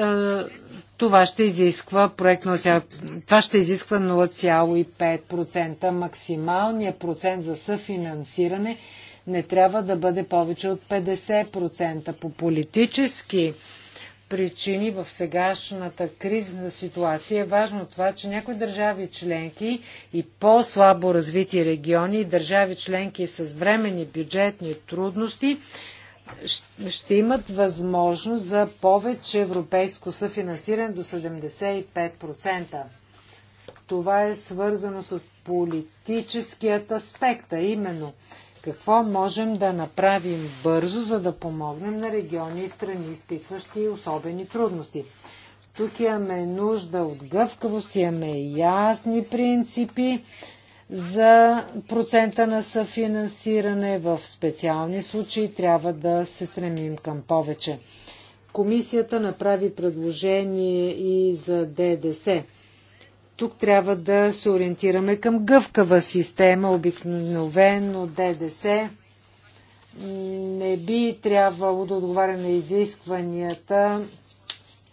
това ще изисква проект 0, това ще изисква 0,5%. Максималният процент за съфинансиране не трябва да бъде повече от 50%. По политически причини в сегашната кризна ситуация е важно това, че някои държави членки и по-слабо развити региони и държави членки с времени бюджетни трудности ще имат възможност за повече европейско съфинансиране до 75%. Това е свързано с политическият аспект, а именно какво можем да направим бързо, за да помогнем на региони и страни, изпитващи особени трудности. Тук имаме нужда от гъвкавост, имаме ясни принципи, за процента на съфинансиране. В специални случаи трябва да се стремим към повече. Комисията направи предложение и за ДДС. Тук трябва да се ориентираме към гъвкава система, обикновено ДДС. Не би трябвало да отговаря на изискванията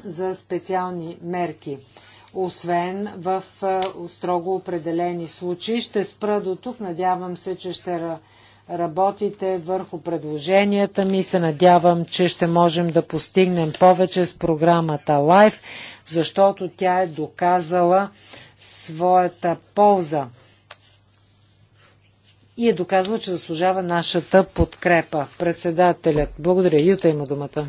за специални мерки освен в строго определени случаи. Ще спра до тук. Надявам се, че ще работите върху предложенията ми. Се надявам, че ще можем да постигнем повече с програмата LIFE, защото тя е доказала своята полза и е доказала, че заслужава нашата подкрепа. Председателят. Благодаря. Юта има думата.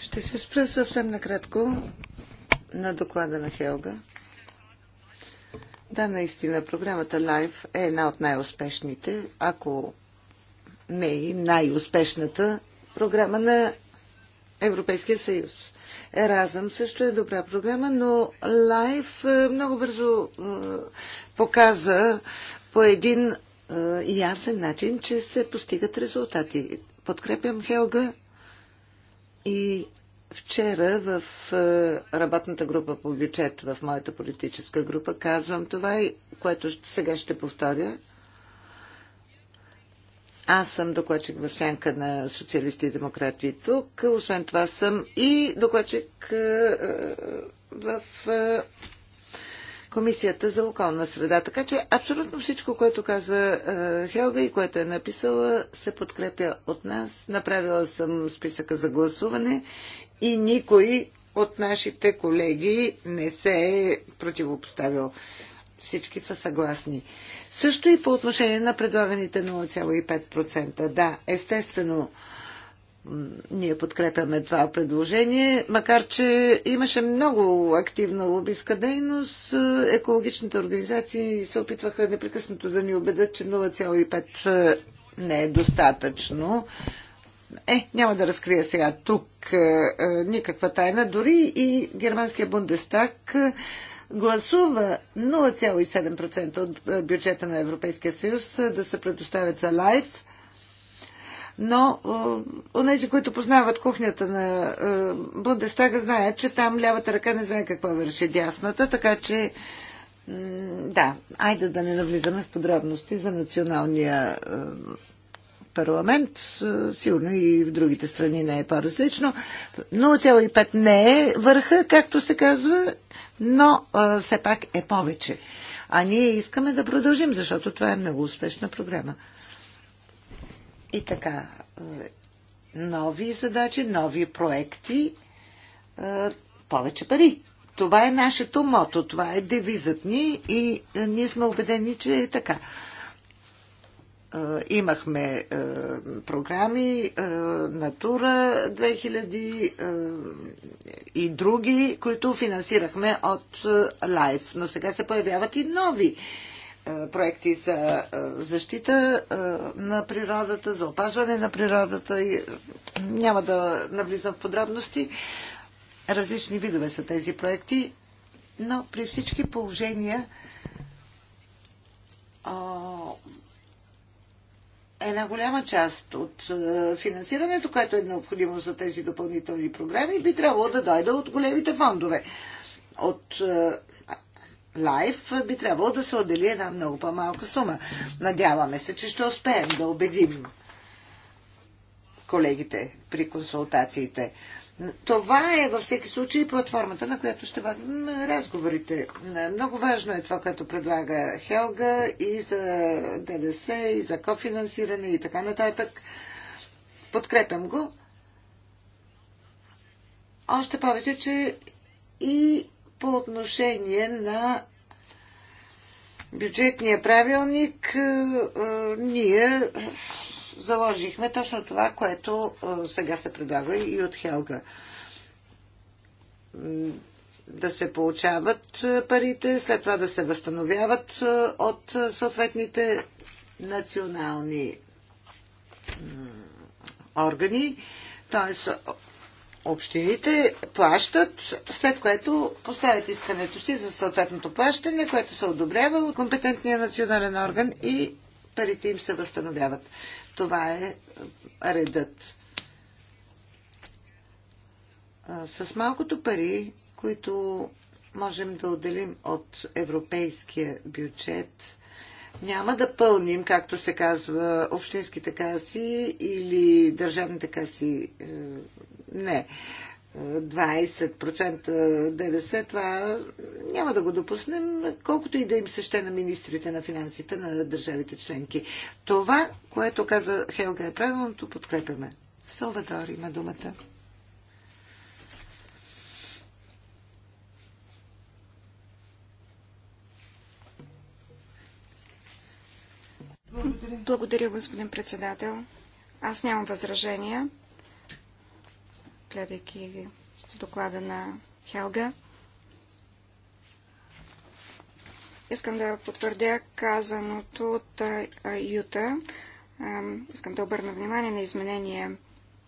Ще се спра съвсем накратко на доклада на Хелга. Да, наистина, програмата ЛАЙФ е една от най-успешните, ако не и най-успешната програма на Европейския съюз. Еразъм също е добра програма, но Лайф е, много бързо е, показа по един е, ясен начин, че се постигат резултати. Подкрепям Хелга и вчера в е, работната група по бюджет в моята политическа група казвам това, и което сега ще повторя. Аз съм докладчик в сянка на социалисти и демократи тук. Освен това съм и докладчик е, е, в Комисията за околна среда. Така че абсолютно всичко, което каза е, Хелга и което е написала, се подкрепя от нас. Направила съм списъка за гласуване и никой от нашите колеги не се е противопоставил. Всички са съгласни. Също и по отношение на предлаганите 0,5%. Да, естествено, ние подкрепяме това предложение, макар че имаше много активна лобистка дейност. Екологичните организации се опитваха непрекъснато да ни убедят, че 0,5 е, не е достатъчно. Е, няма да разкрия сега тук е, е, никаква тайна. Дори и германския Бундестаг е, гласува 0,7% от е, бюджета на Европейския съюз да се предоставят за лайф но е, онези, които познават кухнята на е, Бундестага, знаят, че там лявата ръка не знае какво върши дясната, така че да, айде да не навлизаме в подробности за националния е, парламент. Сигурно и в другите страни не е по-различно. 0,5 не е върха, както се казва, но все пак е повече. А ние искаме да продължим, защото това е много успешна програма. И така, е, нови задачи, нови проекти, е, повече пари. Това е нашето мото, това е девизът ни и е, ние сме убедени, че е така. Имахме програми Натура 2000 и други, които финансирахме от Лайф, но сега се появяват и нови е, проекти за е, защита е, на природата, за опазване на природата. И няма да навлизам в подробности. Различни видове са тези проекти, но при всички положения една голяма част от финансирането, което е необходимо за тези допълнителни програми, би трябвало да дойде от големите фондове. От Лайф би трябвало да се отдели една много по-малка сума. Надяваме се, че ще успеем да убедим колегите при консултациите. Това е във всеки случай платформата, на която ще водим разговорите. Много важно е това, което предлага Хелга и за ДДС, и за кофинансиране и така нататък. Подкрепям го. Още повече, че и по отношение на бюджетния правилник е, е, ние заложихме точно това, което е, сега се предлага и от Хелга. Да се получават парите, след това да се възстановяват от съответните национални органи, т.е общините плащат, след което поставят искането си за съответното плащане, което се одобрява от компетентния национален орган и парите им се възстановяват. Това е редът. С малкото пари, които можем да отделим от европейския бюджет, няма да пълним, както се казва, общинските каси или държавните каси е, не. 20% ДДС, това няма да го допуснем, колкото и да им се ще на министрите на финансите на държавите членки. Това, което каза Хелга е правилното, подкрепяме. Салвадор има думата. Благодаря. Благодаря, господин председател. Аз нямам възражения гледайки доклада на Хелга. Искам да потвърдя казаното от Юта. Искам да обърна внимание на изменение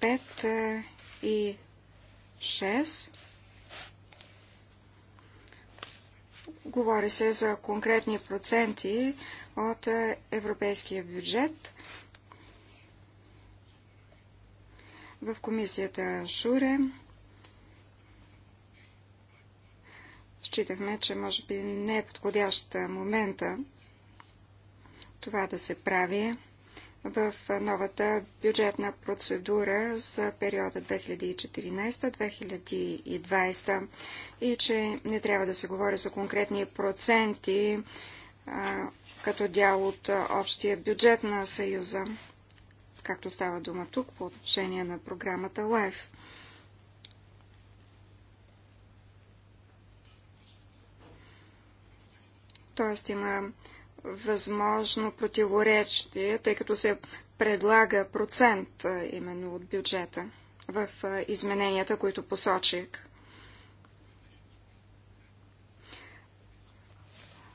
5 и 6. Говори се за конкретни проценти от европейския бюджет. в комисията Шуре. Считахме, че може би не е подходящ момента това да се прави в новата бюджетна процедура за периода 2014-2020 и че не трябва да се говори за конкретни проценти а, като дял от общия бюджет на Съюза както става дума тук по отношение на програмата LIFE. Тоест има възможно противоречие, тъй като се предлага процент именно от бюджета в измененията, които посочих.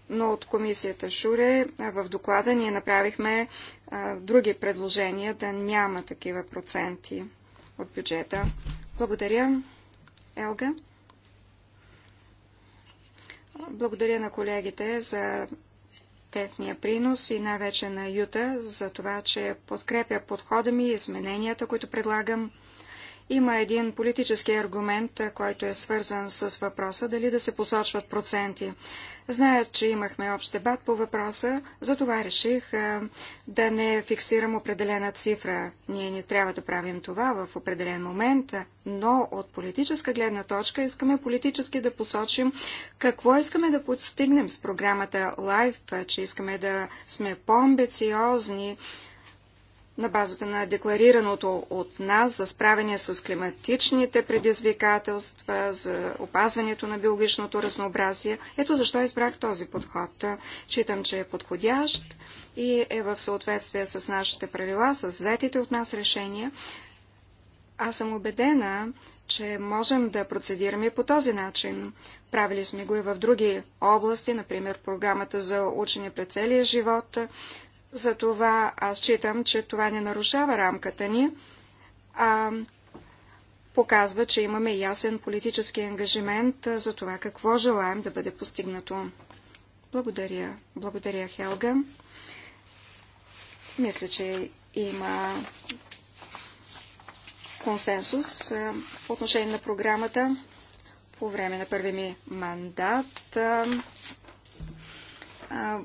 Но от комисията Шуре в доклада ние направихме други предложения да няма такива проценти от бюджета. Благодаря, Елга. Благодаря на колегите за техния принос и най-вече на Юта за това, че подкрепя подхода ми и измененията, които предлагам. Има един политически аргумент, който е свързан с въпроса дали да се посочват проценти. Знаят, че имахме общ дебат по въпроса, затова реших а, да не фиксирам определена цифра. Ние не трябва да правим това в определен момент, но от политическа гледна точка искаме политически да посочим какво искаме да постигнем с програмата LIFE, че искаме да сме по-амбициозни, на базата на декларираното от нас за справяне с климатичните предизвикателства, за опазването на биологичното разнообразие. Ето защо избрах този подход. Читам, че е подходящ и е в съответствие с нашите правила, с взетите от нас решения. Аз съм убедена, че можем да процедираме по този начин. Правили сме го и в други области, например програмата за учене пред целия живот, затова аз считам, че това не нарушава рамката ни, а показва, че имаме ясен политически ангажимент за това какво желаем да бъде постигнато. Благодаря. Благодаря, Хелга. Мисля, че има консенсус по отношение на програмата. По време на първи ми мандат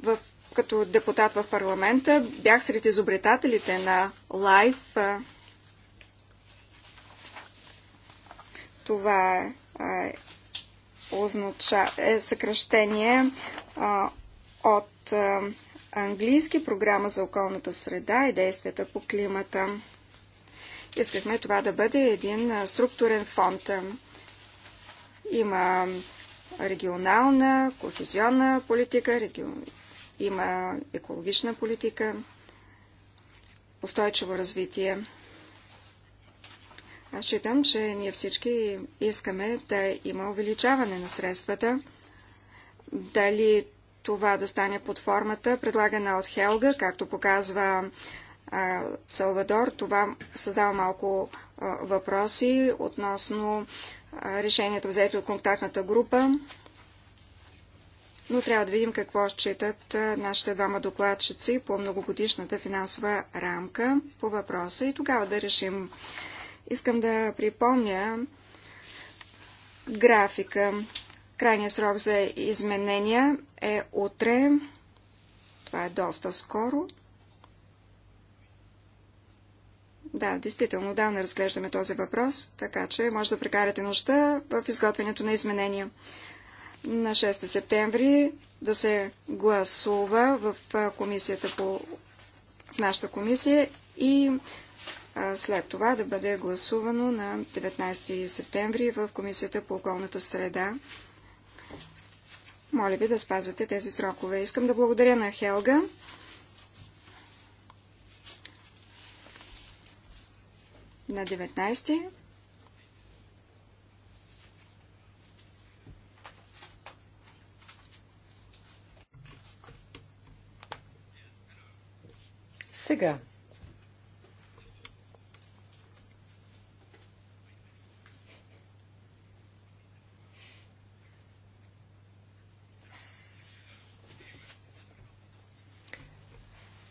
в като депутат в парламента. Бях сред изобретателите на Лайф. Това е, е съкръщение от английски програма за околната среда и действията по климата. Искахме това да бъде един структурен фонд. Има регионална, кохезионна политика, регион, има екологична политика, устойчиво развитие. Аз считам, че ние всички искаме да има увеличаване на средствата. Дали това да стане под формата, предлагана от Хелга, както показва а, Салвадор, това създава малко а, въпроси относно а, решението взето от контактната група но трябва да видим какво считат нашите двама докладчици по многогодишната финансова рамка по въпроса и тогава да решим. Искам да припомня графика. Крайният срок за изменения е утре. Това е доста скоро. Да, действително, давна разглеждаме този въпрос, така че може да прекарате нощта в изготвянето на изменения на 6 септември да се гласува в комисията по в нашата комисия и след това да бъде гласувано на 19 септември в комисията по околната среда. Моля ви да спазвате тези срокове. Искам да благодаря на Хелга. На 19 Сега.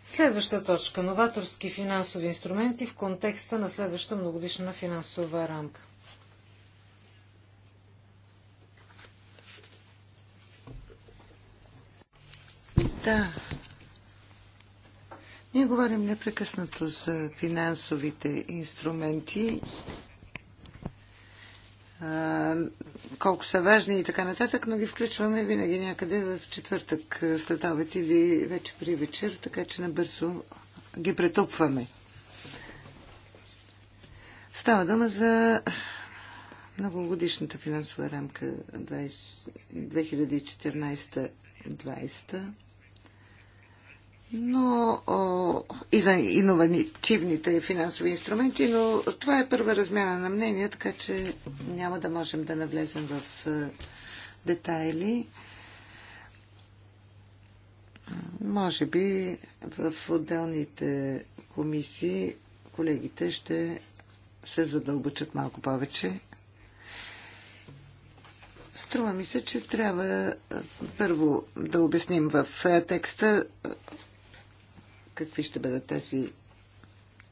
Следваща точка. Новаторски финансови инструменти в контекста на следваща многодишна финансова рамка. Да, ние говорим непрекъснато за финансовите инструменти, колко са важни и така нататък, но ги включваме винаги някъде в четвъртък след обед или вече при вечер, така че набързо ги претупваме. Става дума за многогодишната финансова рамка 2014-2020 но о, и за иновативните финансови инструменти, но това е първа размяна на мнения, така че няма да можем да навлезем в е, детайли. Може би в отделните комисии колегите ще се задълбочат малко повече. Струва ми се, че трябва е, първо да обясним в е, текста какви ще бъдат тези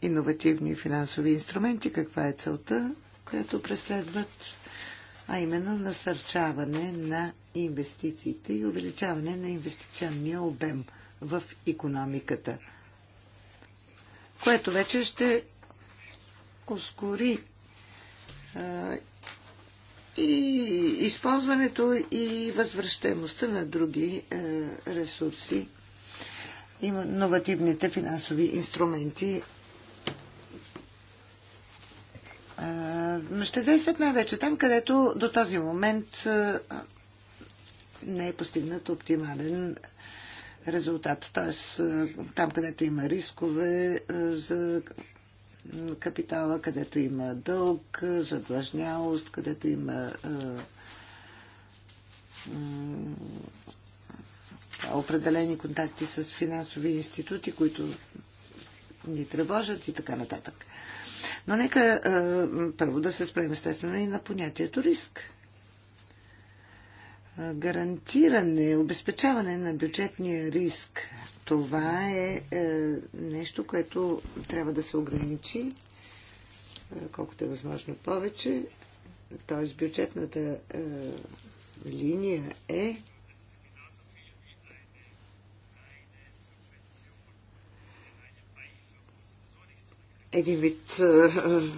иновативни финансови инструменти, каква е целта, която преследват, а именно насърчаване на инвестициите и увеличаване на инвестиционния обем в економиката, което вече ще ускори а, и използването и възвръщаемостта на други а, ресурси иновативните финансови инструменти ще действат най-вече там, където до този момент не е постигнат оптимален резултат. Т.е. там, където има рискове за капитала, където има дълг, задлъжнялост, където има определени контакти с финансови институти, които ни тревожат и така нататък. Но нека а, е, първо да се спрем естествено и на понятието риск. Е, гарантиране, обезпечаване на бюджетния риск. Това е, е нещо, което трябва да се ограничи е, колкото е възможно повече. Т.е. бюджетната е, линия е един вид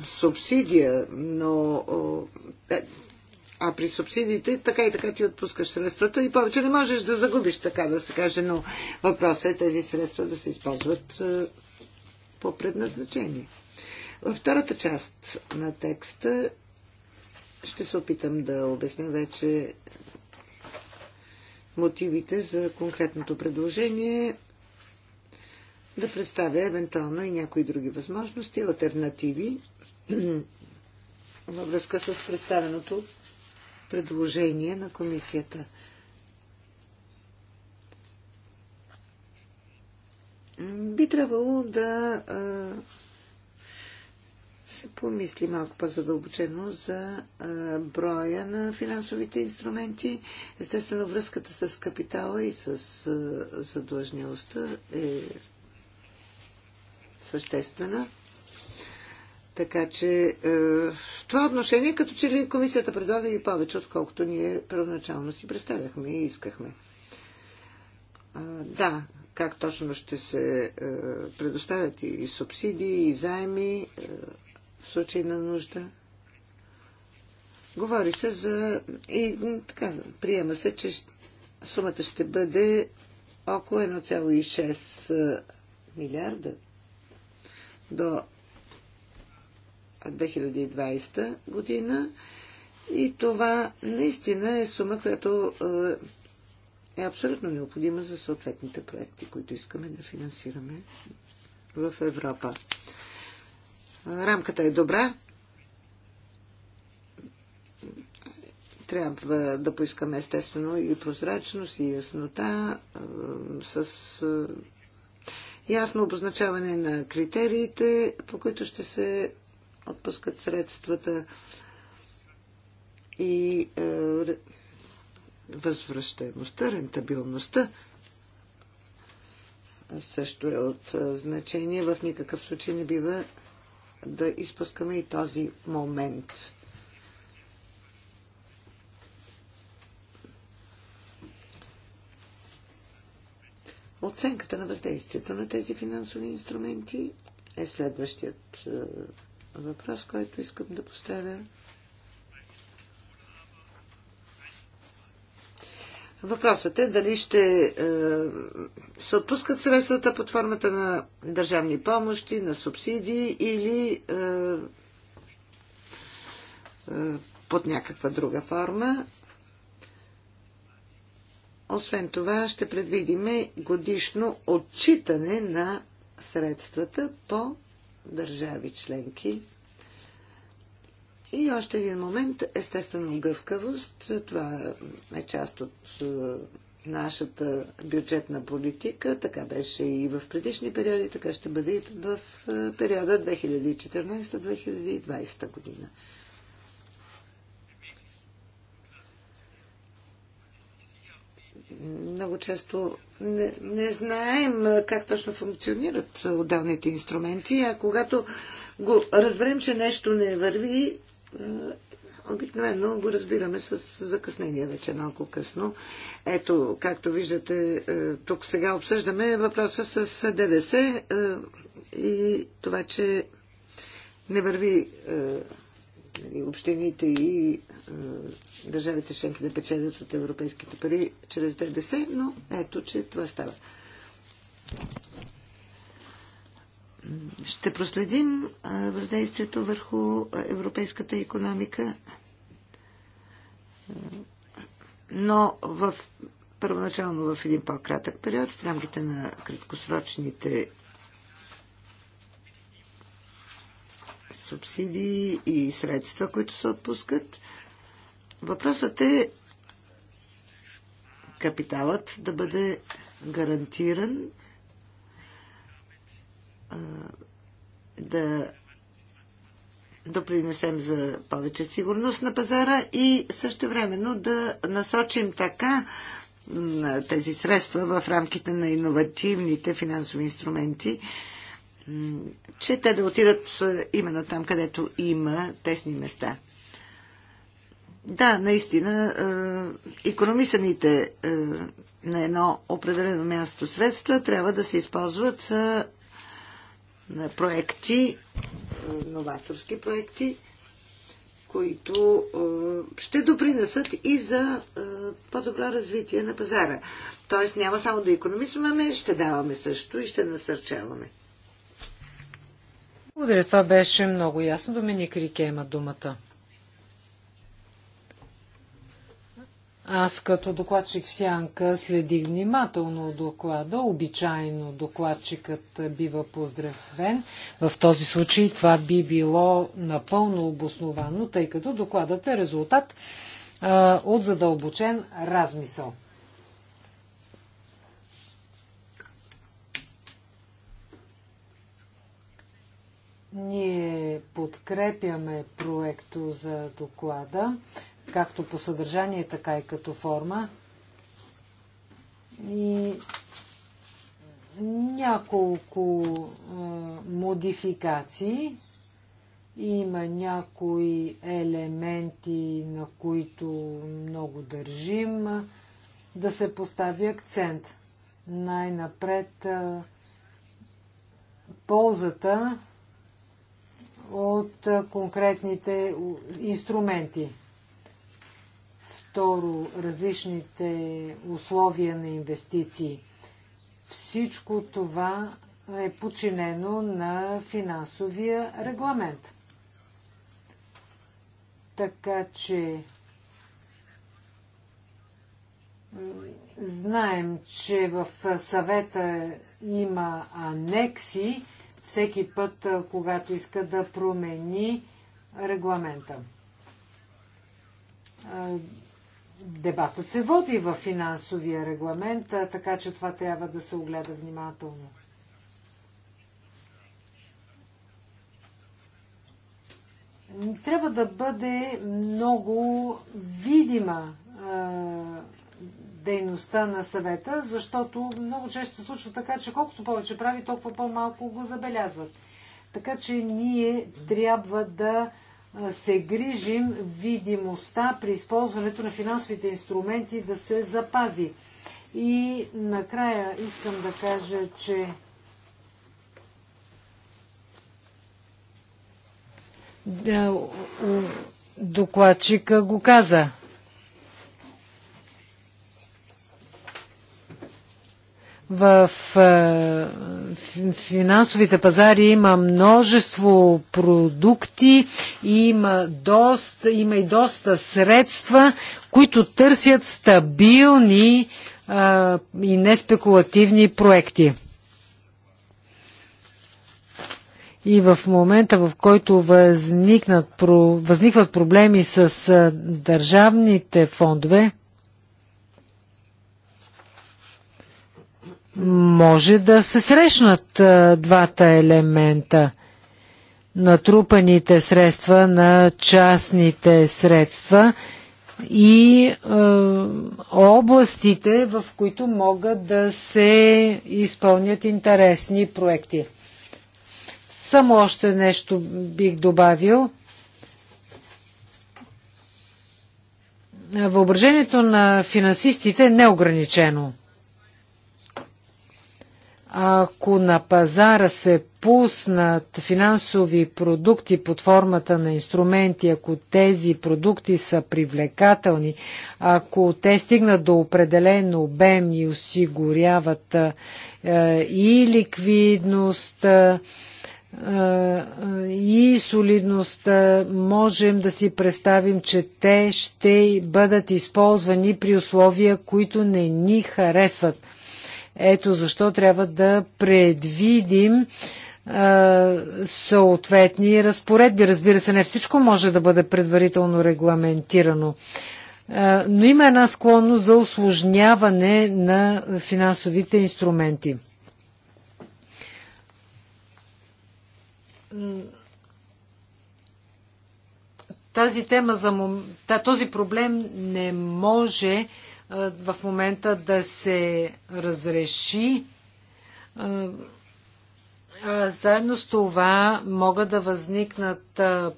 субсидия, но е, а при субсидиите така и така ти отпускаш средствата и повече не можеш да загубиш, така да се каже, но въпросът е тези средства да се използват по предназначение. Във втората част на текста ще се опитам да обясня вече мотивите за конкретното предложение да представя евентуално и някои други възможности, альтернативи <clears throat> във връзка с представеното предложение на комисията. Би трябвало да се помисли малко по-задълбочено за а, броя на финансовите инструменти. Естествено, връзката с капитала и с а, задлъжнялостта е съществена. Така че е, в това отношение, като че ли комисията предлага и повече, отколкото ние първоначално си представяхме и искахме. Да, как точно ще се е, предоставят и субсидии, и заеми е, в случай на нужда. Говори се за... и така, приема се, че сумата ще бъде около 1,6 милиарда до 2020 година. И това наистина е сума, която е, е абсолютно необходима за съответните проекти, които искаме да финансираме в Европа. Рамката е добра. Трябва да поискаме естествено и прозрачност, и яснота е, с е, ясно обозначаване на критериите, по които ще се отпускат средствата и е, възвръщаемостта, рентабилността също е от е, значение. В никакъв случай не бива да изпускаме и този момент. Оценката на въздействието на тези финансови инструменти е следващият е, въпрос, който искам да поставя. Въпросът е дали ще е, се отпускат средствата под формата на държавни помощи, на субсидии или е, е, под някаква друга форма. Освен това ще предвидиме годишно отчитане на средствата по държави членки. И още един момент, естествено гъвкавост. Това е част от е, нашата бюджетна политика. Така беше и в предишни периоди, така ще бъде и в е, периода 2014-2020 година. Много често не, не знаем как точно функционират отделните инструменти, а когато го разберем, че нещо не върви, обикновено го разбираме с закъснение вече малко късно. Ето, както виждате, е, тук сега обсъждаме въпроса с ДДС е, и това, че не върви е, нали, общините и е, държавите членки да печелят от европейските пари чрез ДДС, но ето, че това става. Ще проследим е, въздействието върху европейската економика, е, но в първоначално в един по-кратък период, в рамките на краткосрочните субсидии и средства, които се отпускат. Въпросът е капиталът да бъде гарантиран, да допринесем за повече сигурност на пазара и също времено да насочим така тези средства в рамките на иновативните финансови инструменти, че те да отидат е, именно там, където има тесни места. Да, наистина, економисаните е, на едно определено място средства трябва да се използват за е, проекти, новаторски проекти, които ще допринесат и за по-добро развитие на пазара. Тоест няма само да економисваме, ще даваме също и ще насърчаваме. Благодаря, това беше много ясно. Доминик Рике има думата. Аз като докладчик в Сянка следих внимателно доклада. Обичайно докладчикът бива поздравен. В този случай това би било напълно обосновано, тъй като докладът е резултат а, от задълбочен размисъл. Ние подкрепяме проекто за доклада, както по съдържание, така и като форма. И няколко а, модификации. Има някои елементи, на които много държим да се постави акцент. Най-напред ползата от конкретните инструменти. Второ, различните условия на инвестиции. Всичко това е подчинено на финансовия регламент. Така че знаем, че в съвета има анекси, всеки път, когато иска да промени регламента. Дебатът се води в финансовия регламент, така че това трябва да се огледа внимателно. Трябва да бъде много видима дейността на съвета, защото много често се случва така, че колкото повече прави, толкова по-малко го забелязват. Така че ние трябва да се грижим видимостта при използването на финансовите инструменти да се запази. И накрая искам да кажа, че докладчика го каза. в е, финансовите пазари има множество продукти, има, доста, има и доста средства, които търсят стабилни а, е, и неспекулативни проекти. И в момента, в който възникнат, възникват проблеми с е, държавните фондове, може да се срещнат двата елемента. Натрупаните средства на частните средства и е, областите, в които могат да се изпълнят интересни проекти. Само още нещо бих добавил. Въображението на финансистите е неограничено. Ако на пазара се пуснат финансови продукти под формата на инструменти, ако тези продукти са привлекателни, ако те стигнат до определен обем и осигуряват а, е, и ликвидност, а, е, е, и солидност, можем да си представим, че те ще бъдат използвани при условия, които не ни харесват – ето защо трябва да предвидим съответни разпоредби. Разбира се, не всичко може да бъде предварително регламентирано. Но има една склонност за осложняване на финансовите инструменти. Тази тема за мом... този проблем не може в момента да се разреши. Заедно с това могат да възникнат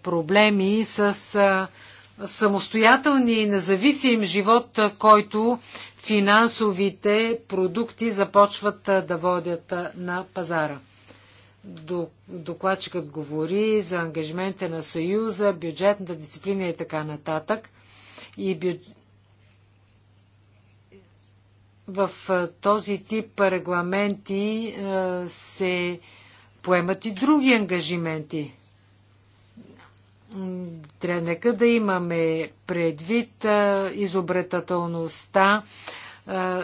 проблеми с самостоятелни и независим живот, който финансовите продукти започват да водят на пазара. Докладчикът говори за ангажимента на Съюза, бюджетната дисциплина и така нататък. И бюджет в този тип регламенти се поемат и други ангажименти. Трябва нека да имаме предвид изобретателността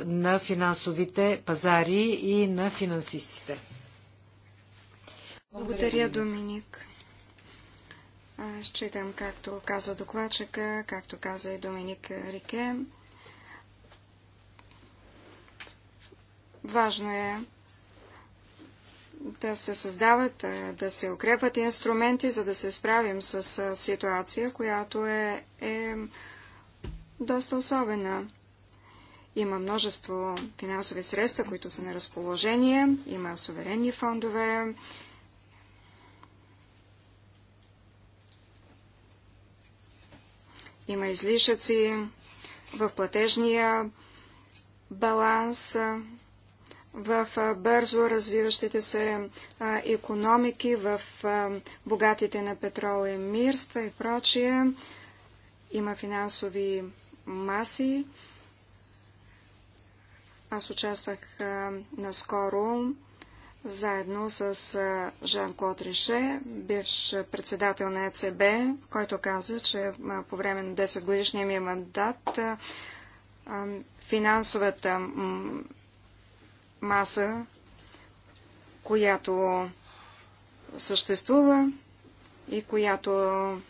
на финансовите пазари и на финансистите. Благодаря, Доминик. Считам, както каза докладчика, както каза и Доминик Рикем. Важно е да се създават, е, да се укрепват инструменти, за да се справим с е, ситуация, която е, е доста особена. Има множество финансови средства, които са на разположение, има суверенни фондове. Има излишъци в платежния баланс в бързо развиващите се економики, в богатите на петрол и мирства и прочие. Има финансови маси. Аз участвах наскоро заедно с Жан-Клод Рише, бивш председател на ЕЦБ, който каза, че по време на 10 годишния ми мандат финансовата маса, която съществува и която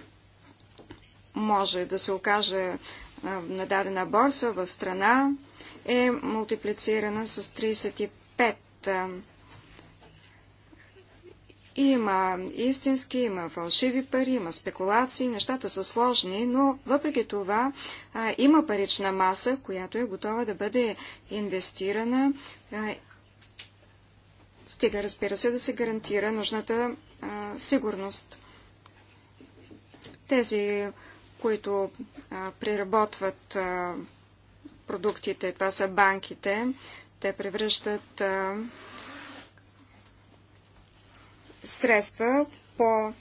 може да се окаже на дадена борса в страна, е мултиплицирана с 35 има истински, има фалшиви пари, има спекулации, нещата са сложни, но въпреки това а, има парична маса, която е готова да бъде инвестирана. А, стига, разбира се, да се гарантира нужната а, сигурност. Тези, които а, преработват а, продуктите, това са банките, те превръщат а, средства по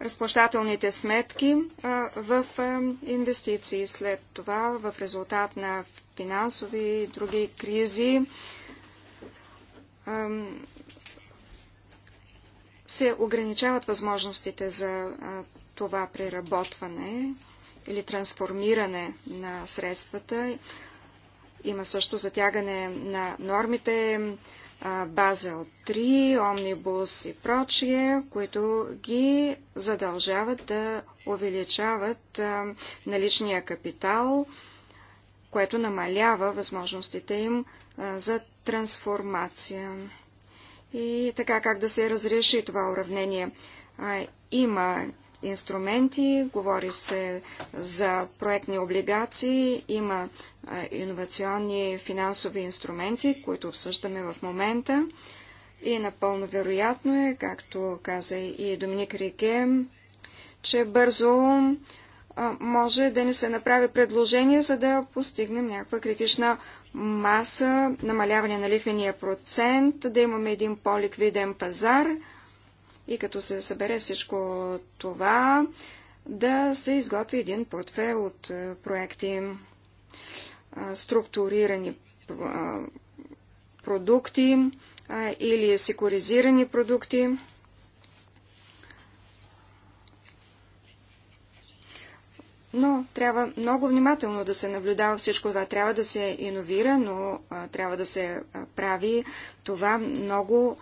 разплащателните сметки в инвестиции. След това, в резултат на финансови и други кризи, се ограничават възможностите за това преработване или трансформиране на средствата. Има също затягане на нормите, Базел 3, Омнибус и прочие, които ги задължават да увеличават наличния капитал, което намалява възможностите им за трансформация. И така как да се разреши това уравнение? Има инструменти, говори се за проектни облигации, има иновационни финансови инструменти, които обсъждаме в момента. И напълно вероятно е, както каза и Доминик Рике, че бързо може да ни се направи предложение, за да постигнем някаква критична маса, намаляване на лихвения процент, да имаме един по-ликвиден пазар и като се събере всичко това, да се изготви един портфел от проекти структурирани продукти или секуризирани продукти. Но трябва много внимателно да се наблюдава всичко това. Трябва да се иновира, но трябва да се прави това много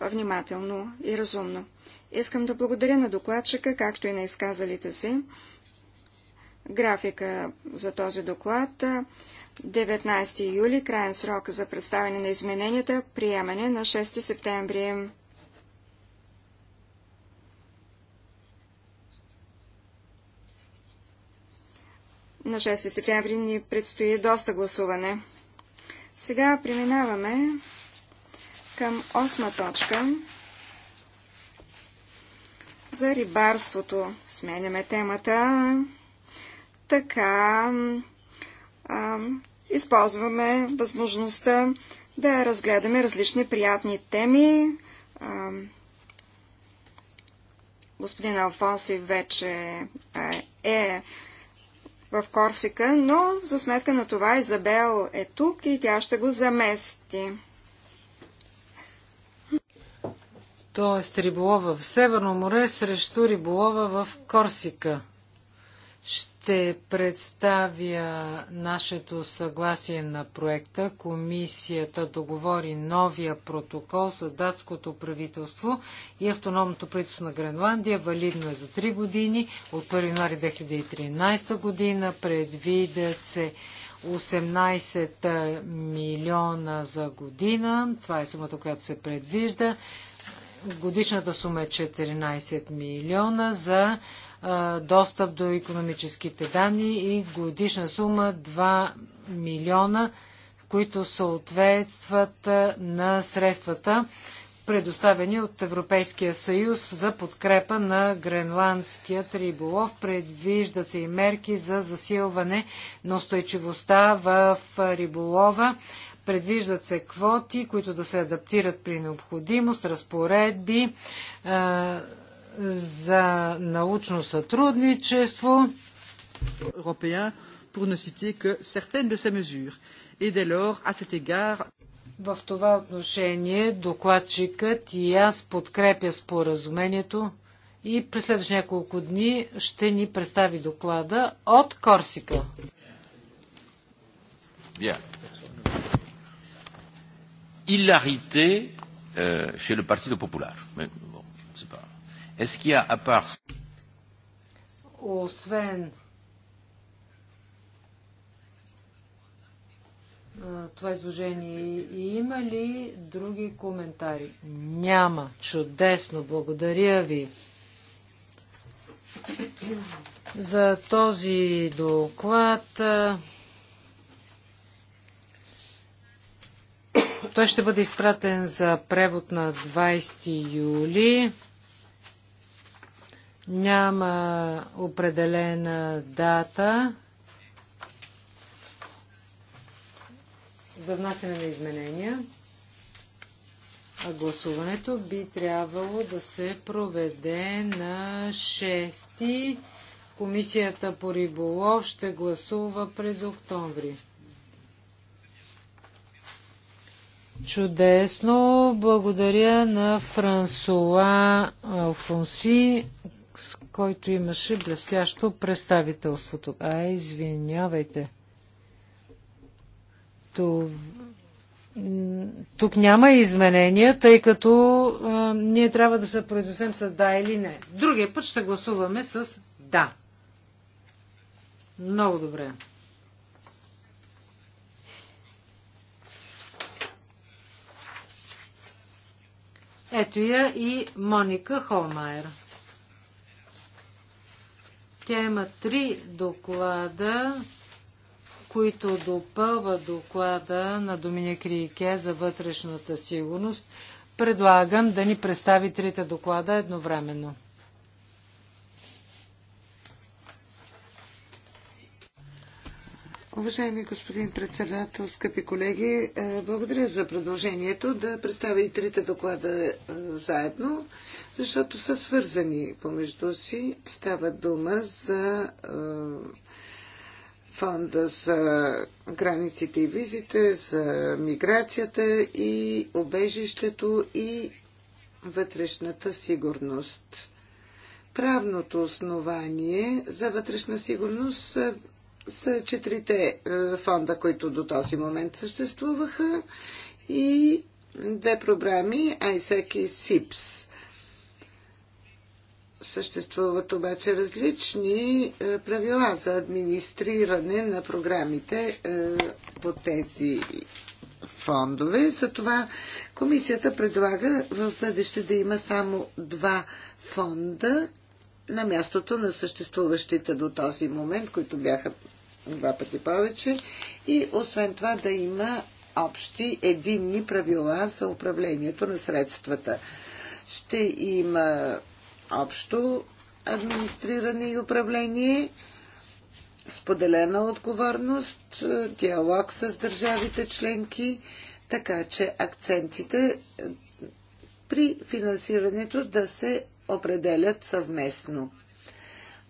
внимателно и разумно. Искам да благодаря на докладчика, както и на изказалите се графика за този доклад. 19 юли, крайен срок за представяне на измененията, приемане на 6 септември. На 6 септември ни предстои доста гласуване. Сега преминаваме към 8 точка за рибарството. Сменяме темата. Така а, използваме възможността да разгледаме различни приятни теми. А, господин Алфонси вече е в Корсика, но за сметка на това Изабел е тук и тя ще го замести. Тоест риболова в Северно море срещу риболова в Корсика ще представя нашето съгласие на проекта. Комисията договори новия протокол за датското правителство и автономното правителство на Гренландия. Валидно е за 3 години. От 1 януари 2013 година предвидят се 18 милиона за година. Това е сумата, която се предвижда. Годишната сума е 14 милиона за достъп до економическите данни и годишна сума 2 милиона, които съответстват на средствата, предоставени от Европейския съюз за подкрепа на гренландският риболов. Предвиждат се и мерки за засилване на устойчивостта в риболова. Предвиждат се квоти, които да се адаптират при необходимост, разпоредби, за научно сътрудничество. в това отношение докладчикът и аз подкрепя споразумението и през следващи няколко дни ще ни представи доклада от Корсика. Bien. Hilarité euh, chez le Parti populaire. Est-ce qu'il y a, à part... Освен това изложение. има ли други коментари? Няма. Чудесно. Благодаря ви за този доклад. Той ще бъде изпратен за превод на 20 юли. Няма определена дата за внасяне на изменения, а гласуването би трябвало да се проведе на 6. Комисията по риболов ще гласува през октомври. Чудесно! Благодаря на Франсуа Алфонси, който имаше блестящо представителство тук. А, извинявайте. Тук, тук няма изменения, тъй като а, ние трябва да се произнесем с да или не. Другия път ще гласуваме с да. Много добре. Ето я и Моника Холмайер. Тя има три доклада, които допълва доклада на Доминик Рике за вътрешната сигурност. Предлагам да ни представи трите доклада едновременно. Уважаеми господин председател, скъпи колеги, е, благодаря за предложението да представя и трите доклада е, заедно, защото са свързани помежду си. Става дума за е, фонда за границите и визите, за миграцията и обежището и вътрешната сигурност. Правното основание за вътрешна сигурност са четирите е, фонда, които до този момент съществуваха и две програми ISEC и SIPS. Съществуват обаче различни е, правила за администриране на програмите е, по тези фондове. Затова комисията предлага в бъдеще да има само два фонда на мястото на съществуващите до този момент, които бяха два пъти повече и освен това да има общи единни правила за управлението на средствата. Ще има общо администриране и управление, споделена отговорност, диалог с държавите членки, така че акцентите при финансирането да се определят съвместно.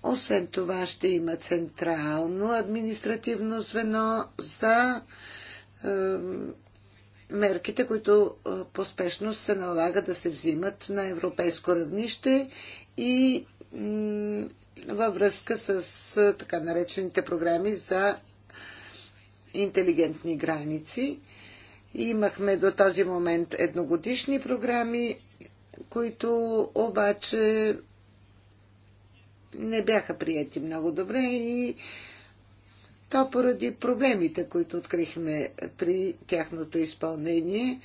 Освен това ще има централно административно звено за е, мерките, които е, поспешно се налага да се взимат на европейско равнище и във връзка с е, така наречените програми за интелигентни граници. Имахме до този момент едногодишни програми, които обаче не бяха прияти много добре и то поради проблемите, които открихме при тяхното изпълнение.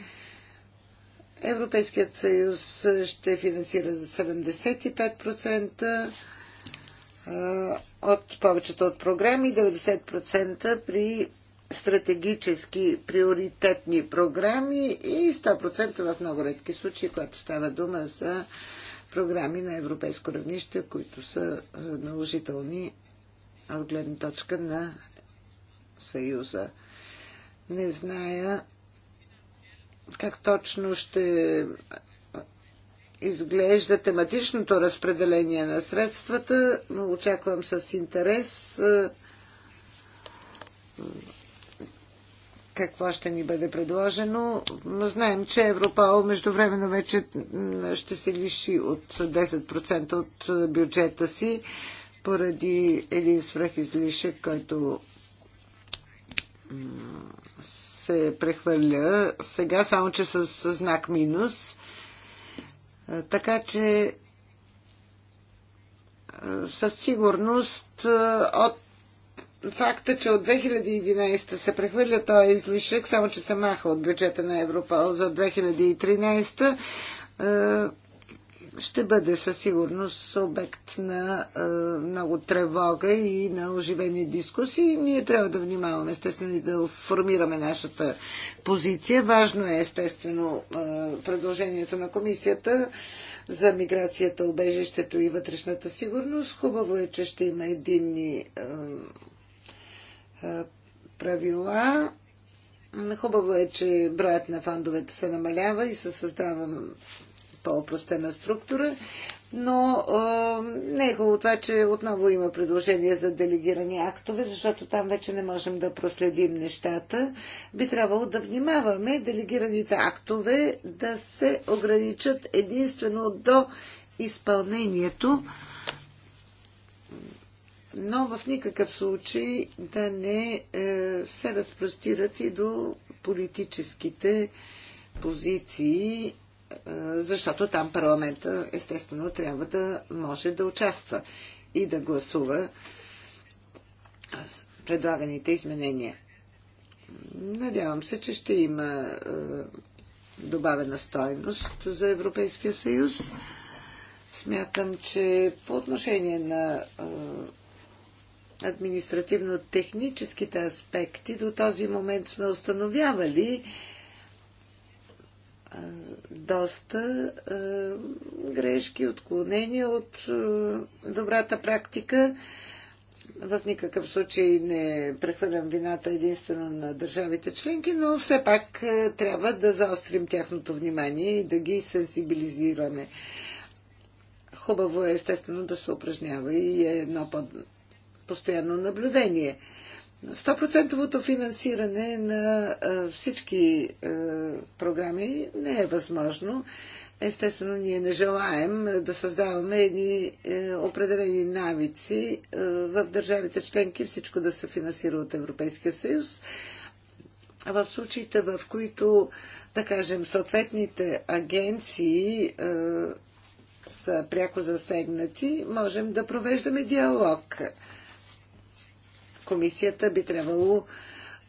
Европейският съюз ще финансира за 75% от повечето от програми, 90% при стратегически приоритетни програми и 100% в много редки случаи, когато става дума за програми на европейско равнище, които са е, наложителни от гледна точка на Съюза. Не зная как точно ще изглежда тематичното разпределение на средствата, но очаквам с интерес е, какво ще ни бъде предложено. Знаем, че Европол междувременно вече ще се лиши от 10% от бюджета си поради един свръхизлишък, който се прехвърля сега, само че с знак минус. Така че със сигурност от факта, че от 2011 се прехвърля този излишък, само че се маха от бюджета на Европол за 2013, е, ще бъде със сигурност обект на е, много тревога и на оживени дискусии. Ние трябва да внимаваме, естествено, и да формираме нашата позиция. Важно е, естествено, е, предложението на комисията за миграцията, убежището и вътрешната сигурност. Хубаво е, че ще има единни е, правила. Хубаво е, че броят на фандовете се намалява и се създава по-опростена структура, но а, е, не е хубаво това, че отново има предложение за делегирани актове, защото там вече не можем да проследим нещата. Би трябвало да внимаваме делегираните актове да се ограничат единствено до изпълнението но в никакъв случай да не е, се разпростират и до политическите позиции, е, защото там парламента естествено трябва да може да участва и да гласува предлаганите изменения. Надявам се, че ще има е, добавена стойност за Европейския съюз. Смятам, че по отношение на административно-техническите аспекти до този момент сме установявали доста грешки, отклонения от добрата практика. В никакъв случай не прехвърлям вината единствено на държавите членки, но все пак трябва да заострим тяхното внимание и да ги сенсибилизираме. Хубаво е естествено да се упражнява и едно под постоянно наблюдение. 100% финансиране на всички програми не е възможно. Естествено, ние не желаем да създаваме едни е, определени навици е, в държавите членки, всичко да се финансира от Европейския съюз. В случаите, в които, да кажем, съответните агенции е, са пряко засегнати, можем да провеждаме диалог комисията би трябвало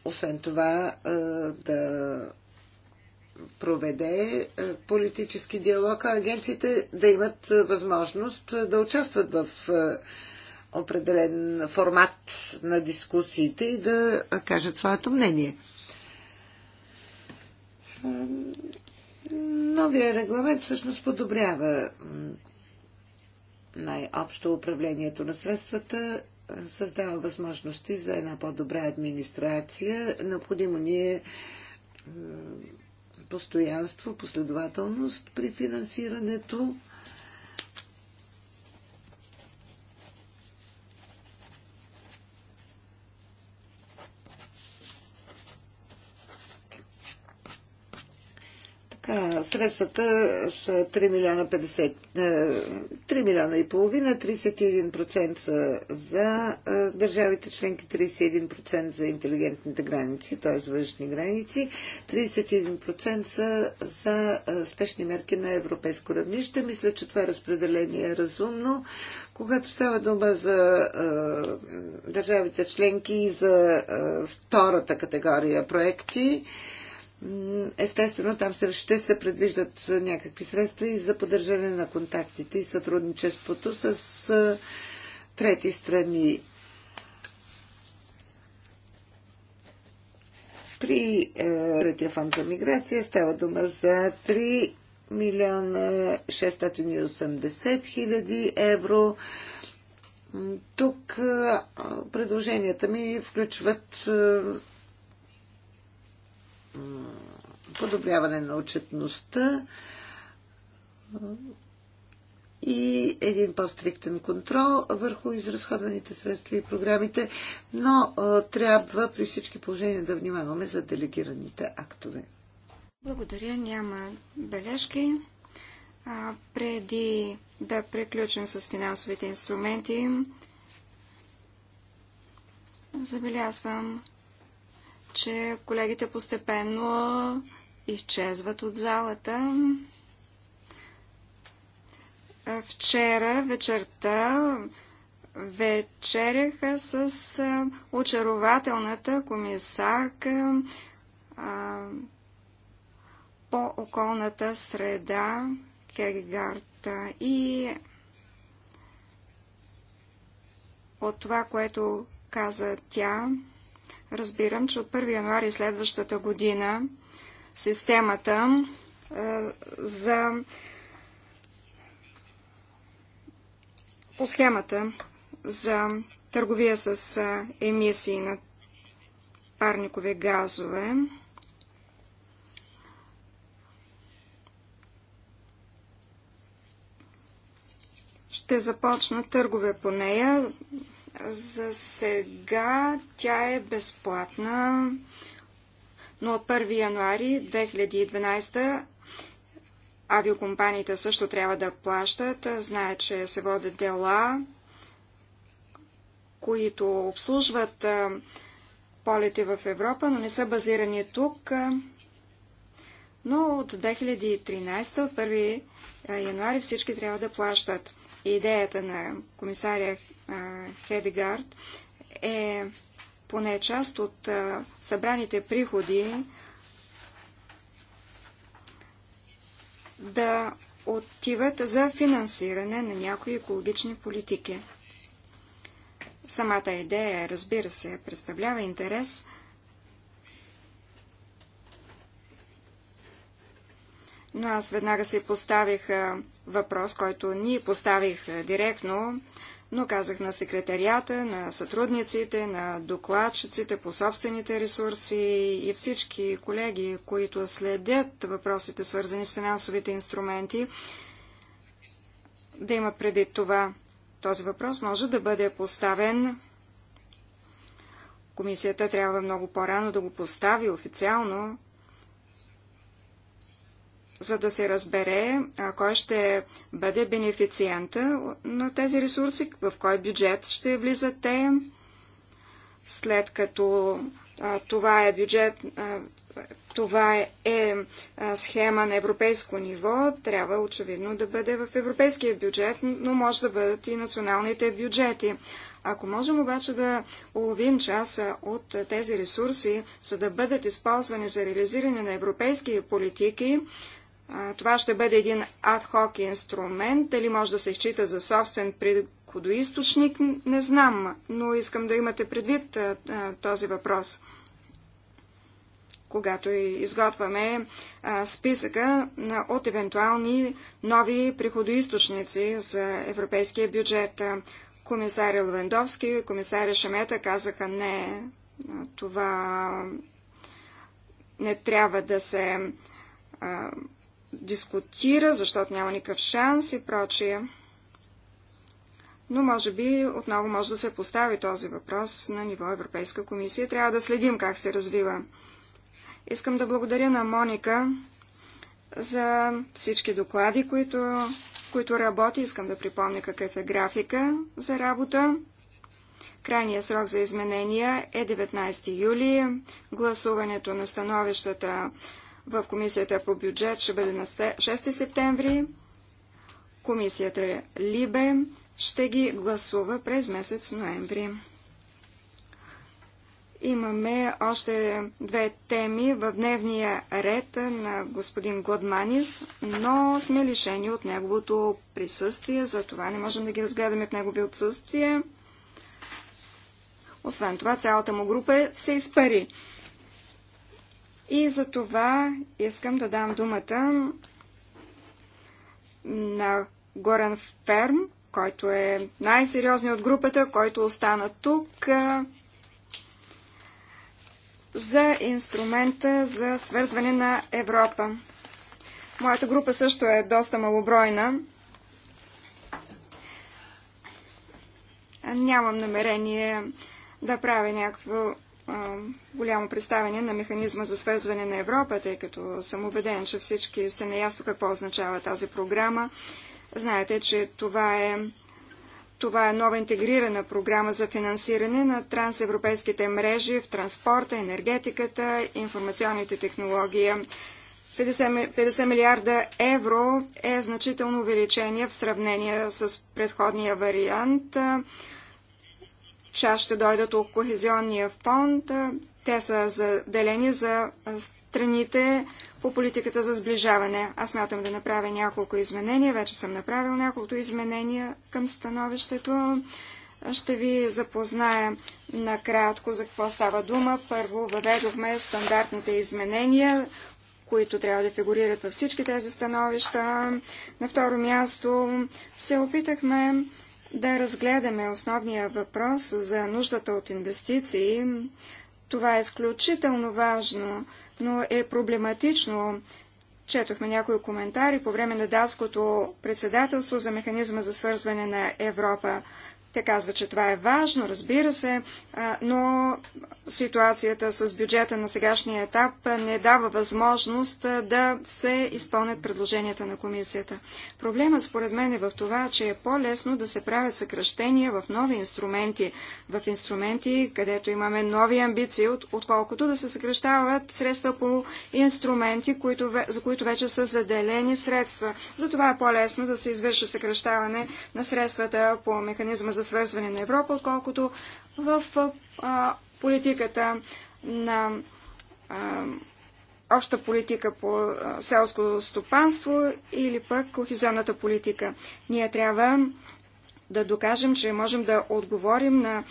освен това е, да проведе е, политически диалог, а агенциите да имат е, възможност да участват в определен формат на дискусиите и да кажат своето мнение. Новия регламент всъщност подобрява най-общо управлението на средствата създава възможности за една по-добра администрация. Необходимо ни е постоянство, последователност при финансирането. Така, средствата са 3 милиона 50, 3 е, милиона и половина, 31% са за е, държавите членки, 31% за интелигентните граници, т.е. външни граници, 31% са за е, спешни мерки на европейско равнище. Мисля, че това разпределение е разумно. Когато става дума за държавите членки и за втората категория проекти, Естествено, там ще се предвиждат някакви средства и за поддържане на контактите и сътрудничеството с трети страни. При Третия фонд за миграция става дума за 3 милиона 680 хиляди евро. Тук предложенията ми включват подобряване на отчетността и един по-стриктен контрол върху изразходваните средства и програмите, но трябва при всички положения да внимаваме за делегираните актове. Благодаря, няма бележки. А, преди да приключим с финансовите инструменти, забелязвам, че колегите постепенно изчезват от залата. Вчера вечерта вечеряха с очарователната комисарка по околната среда Кеггарта и от това, което каза тя, разбирам, че от 1 януари следващата година системата за по схемата за търговия с емисии на парникови газове. Ще започна търгове по нея. За сега тя е безплатна но от 1 януари 2012 авиокомпаниите също трябва да плащат. Знаят, че се водят дела, които обслужват полети в Европа, но не са базирани тук. Но от 2013, от 1 януари всички трябва да плащат. Идеята на комисаря Хедегард е поне част от събраните приходи да отиват за финансиране на някои екологични политики. Самата идея, разбира се, представлява интерес. Но аз веднага си поставих въпрос, който ние поставих директно но казах на секретарията, на сътрудниците, на докладчиците по собствените ресурси и всички колеги, които следят въпросите, свързани с финансовите инструменти, да имат предвид това. Този въпрос може да бъде поставен. Комисията трябва много по-рано да го постави официално, за да се разбере а, кой ще бъде бенефициента на тези ресурси, в кой бюджет ще влизат те, след като а, това е бюджет, а, това е, е схема на европейско ниво, трябва очевидно да бъде в европейския бюджет, но може да бъдат и националните бюджети. Ако можем обаче да уловим часа от тези ресурси, за да бъдат използвани за реализиране на европейски политики, това ще бъде един адхок инструмент. Дали може да се счита за собствен приходоисточник, не знам, но искам да имате предвид този въпрос. Когато изготвяме списъка от евентуални нови приходоисточници за европейския бюджет, комисаря и комисаря Шамета казаха не, това не трябва да се а, дискутира, защото няма никакъв шанс и прочие. Но може би отново може да се постави този въпрос на ниво Европейска комисия. Трябва да следим как се развива. Искам да благодаря на Моника за всички доклади, които, които работи. Искам да припомня какъв е графика за работа. Крайният срок за изменения е 19 юли. Гласуването на становищата в Комисията по бюджет ще бъде на 6 септември. Комисията Либе ще ги гласува през месец ноември. Имаме още две теми в дневния ред на господин Годманис, но сме лишени от неговото присъствие, затова не можем да ги разгледаме в негови отсъствие. Освен това, цялата му група е- се изпари. И за това искам да дам думата на Горан Ферм, който е най-сериозният от групата, който остана тук за инструмента за свързване на Европа. Моята група също е доста малобройна. Нямам намерение да правя някакво голямо представяне на механизма за свързване на Европа, тъй като съм убеден, че всички сте наясно какво означава тази програма. Знаете, че това е, това е нова интегрирана програма за финансиране на трансевропейските мрежи в транспорта, енергетиката, информационните технологии. 50, 50 милиарда евро е значително увеличение в сравнение с предходния вариант част ще дойдат от Кохезионния фонд. Е, те са заделени за е, страните по политиката за сближаване. Аз мятам да направя няколко изменения. Вече съм направил няколко изменения към становището. Ще ви запозная накратко за какво става дума. Първо въведохме стандартните изменения, които трябва да фигурират във всички тези становища. На второ място се опитахме да разгледаме основния въпрос за нуждата от инвестиции. Това е изключително важно, но е проблематично. Четохме някои коментари по време на датското председателство за механизма за свързване на Европа. Те казват, че това е важно, разбира се, но ситуацията с бюджета на сегашния етап не дава възможност да се изпълнят предложенията на комисията. Проблемът според мен е в това, че е по-лесно да се правят съкръщения в нови инструменти, в инструменти, където имаме нови амбиции, отколкото да се съкръщават средства по инструменти, за които вече са заделени средства. Затова е по-лесно да се извърши съкръщаване на средствата по механизма за свързване на Европа, отколкото в а, политиката на а, обща политика по селско стопанство или пък кохезионната политика. Ние трябва да докажем, че можем да отговорим на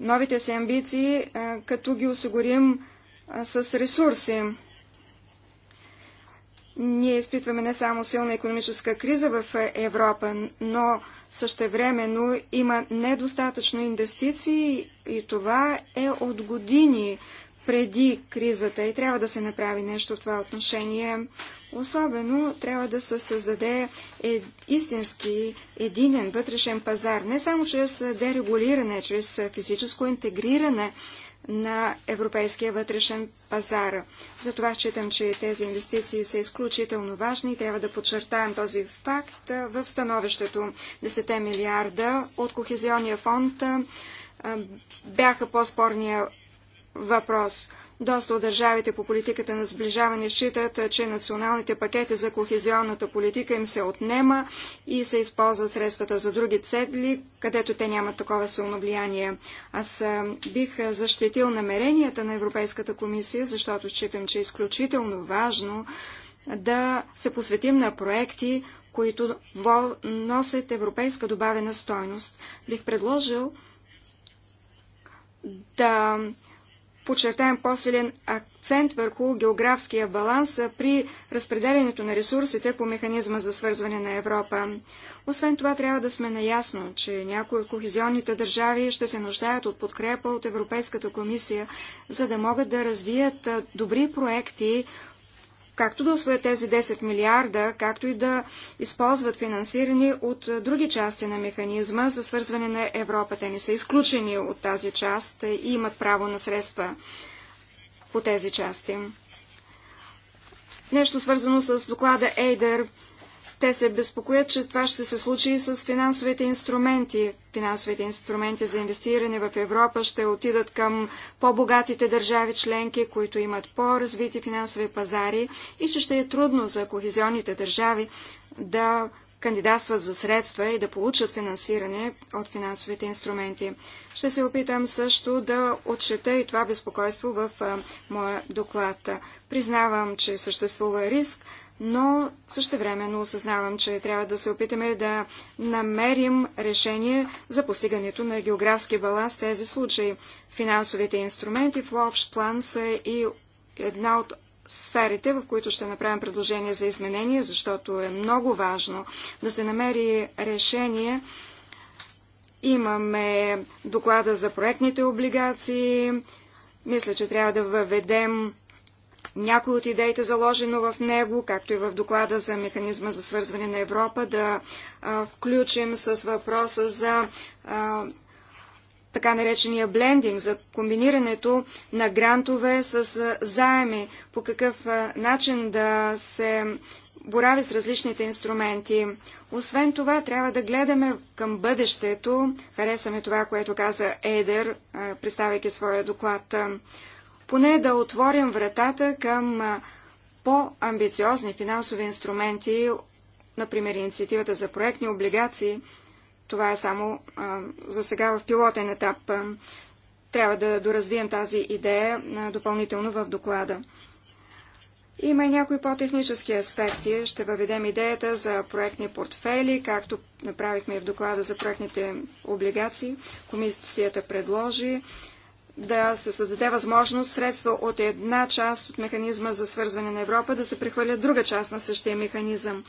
новите си амбиции, като ги осигурим с ресурси. Ние изпитваме не само силна економическа криза в Европа, но Същевременно има недостатъчно инвестиции и това е от години преди кризата и трябва да се направи нещо в това отношение. Особено трябва да се създаде е, истински единен вътрешен пазар, не само чрез дерегулиране, чрез физическо интегриране на европейския вътрешен пазар. Затова считам, че тези инвестиции са изключително важни и трябва да подчертаем този факт в становището. 10 милиарда от Кохезионния фонд бяха по-спорния въпрос. Доста от държавите по политиката на сближаване считат, че националните пакети за кохезионната политика им се отнема и се използват средствата за други цели, където те нямат такова силно влияние. Аз бих защитил намеренията на Европейската комисия, защото считам, че е изключително важно да се посветим на проекти, които носят европейска добавена стойност. Бих предложил да подчертаем по-силен акцент върху географския баланс при разпределянето на ресурсите по механизма за свързване на Европа. Освен това, трябва да сме наясно, че някои от кохезионните държави ще се нуждаят от подкрепа от Европейската комисия, за да могат да развият добри проекти, както да освоят тези 10 милиарда, както и да използват финансирани от други части на механизма за свързване на Европа. Те не са изключени от тази част и имат право на средства по тези части. Нещо свързано с доклада Ейдер – те се безпокоят, че това ще се случи и с финансовите инструменти. Финансовите инструменти за инвестиране в Европа ще отидат към по-богатите държави членки, които имат по-развити финансови пазари и че ще е трудно за кохезионните държави да кандидатстват за средства и да получат финансиране от финансовите инструменти. Ще се опитам също да отчета и това безпокойство в моя доклад. Признавам, че съществува риск, но също времено осъзнавам, че трябва да се опитаме да намерим решение за постигането на географски баланс в тези случаи. Финансовите инструменти в общ план са и една от сферите, в които ще направим предложение за изменение, защото е много важно да се намери решение. Имаме доклада за проектните облигации. Мисля, че трябва да въведем някои от идеите заложено в него, както и в доклада за механизма за свързване на Европа, да а, включим с въпроса за а, така наречения блендинг, за комбинирането на грантове с заеми, по какъв начин да се борави с различните инструменти. Освен това, трябва да гледаме към бъдещето. Харесаме това, което каза Ейдер, представяйки своя доклад поне да отворим вратата към по-амбициозни финансови инструменти, например инициативата за проектни облигации. Това е само а, за сега в пилотен етап. Трябва да доразвием тази идея а, допълнително в доклада. Има и някои по-технически аспекти. Ще въведем идеята за проектни портфели, както направихме и в доклада за проектните облигации. Комисията предложи да се създаде възможност средства от една част от механизма за свързване на Европа да се прехвърлят друга част на същия механизъм.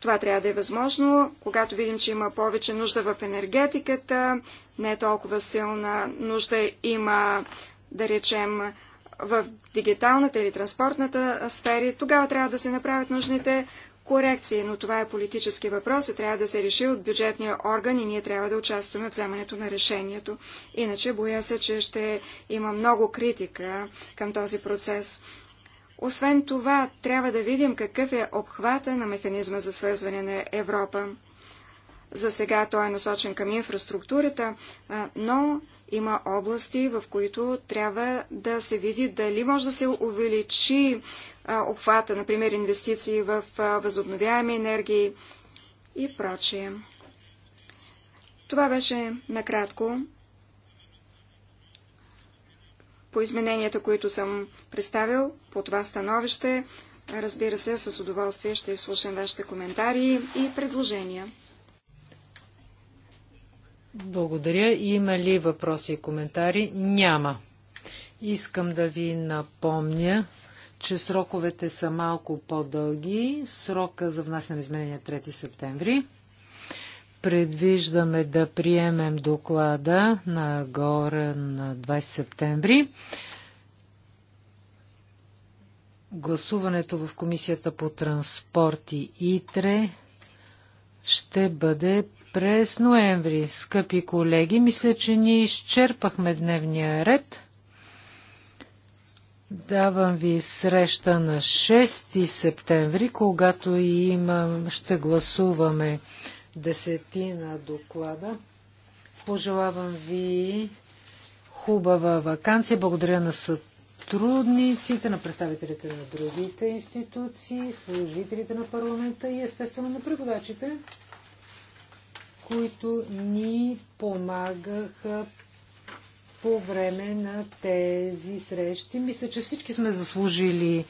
Това трябва да е възможно, когато видим, че има повече нужда в енергетиката, не е толкова силна нужда има, да речем, в дигиталната или транспортната сфери, тогава трябва да се направят нужните корекции, но това е политически въпрос и трябва да се реши от бюджетния орган и ние трябва да участваме в вземането на решението. Иначе боя се, че ще има много критика към този процес. Освен това, трябва да видим какъв е обхвата на механизма за свързване на Европа. За сега той е насочен към инфраструктурата, но има области, в които трябва да се види дали може да се увеличи обхвата, например инвестиции в възобновяеми енергии и прочие. Това беше накратко по измененията, които съм представил по това становище. Разбира се, с удоволствие ще изслушам вашите коментари и предложения. Благодаря. Има ли въпроси и коментари? Няма. Искам да ви напомня, че сроковете са малко по-дълги. Срока за внасяне на изменения 3 е септември. Предвиждаме да приемем доклада на на 20 септември. Гласуването в Комисията по транспорт и ИТРЕ ще бъде през ноември. Скъпи колеги, мисля, че ние изчерпахме дневния ред. Давам ви среща на 6 септември, когато имам, ще гласуваме десетина доклада. Пожелавам ви хубава вакансия. Благодаря на сътрудниците, на представителите на другите институции, служителите на парламента и естествено на преподачите които ни помагаха по време на тези срещи. Мисля, че всички сме заслужили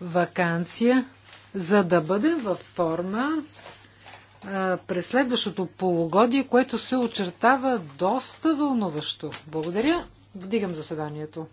вакансия, за да бъдем във форма през следващото полугодие, което се очертава доста вълнуващо. Благодаря. Вдигам заседанието.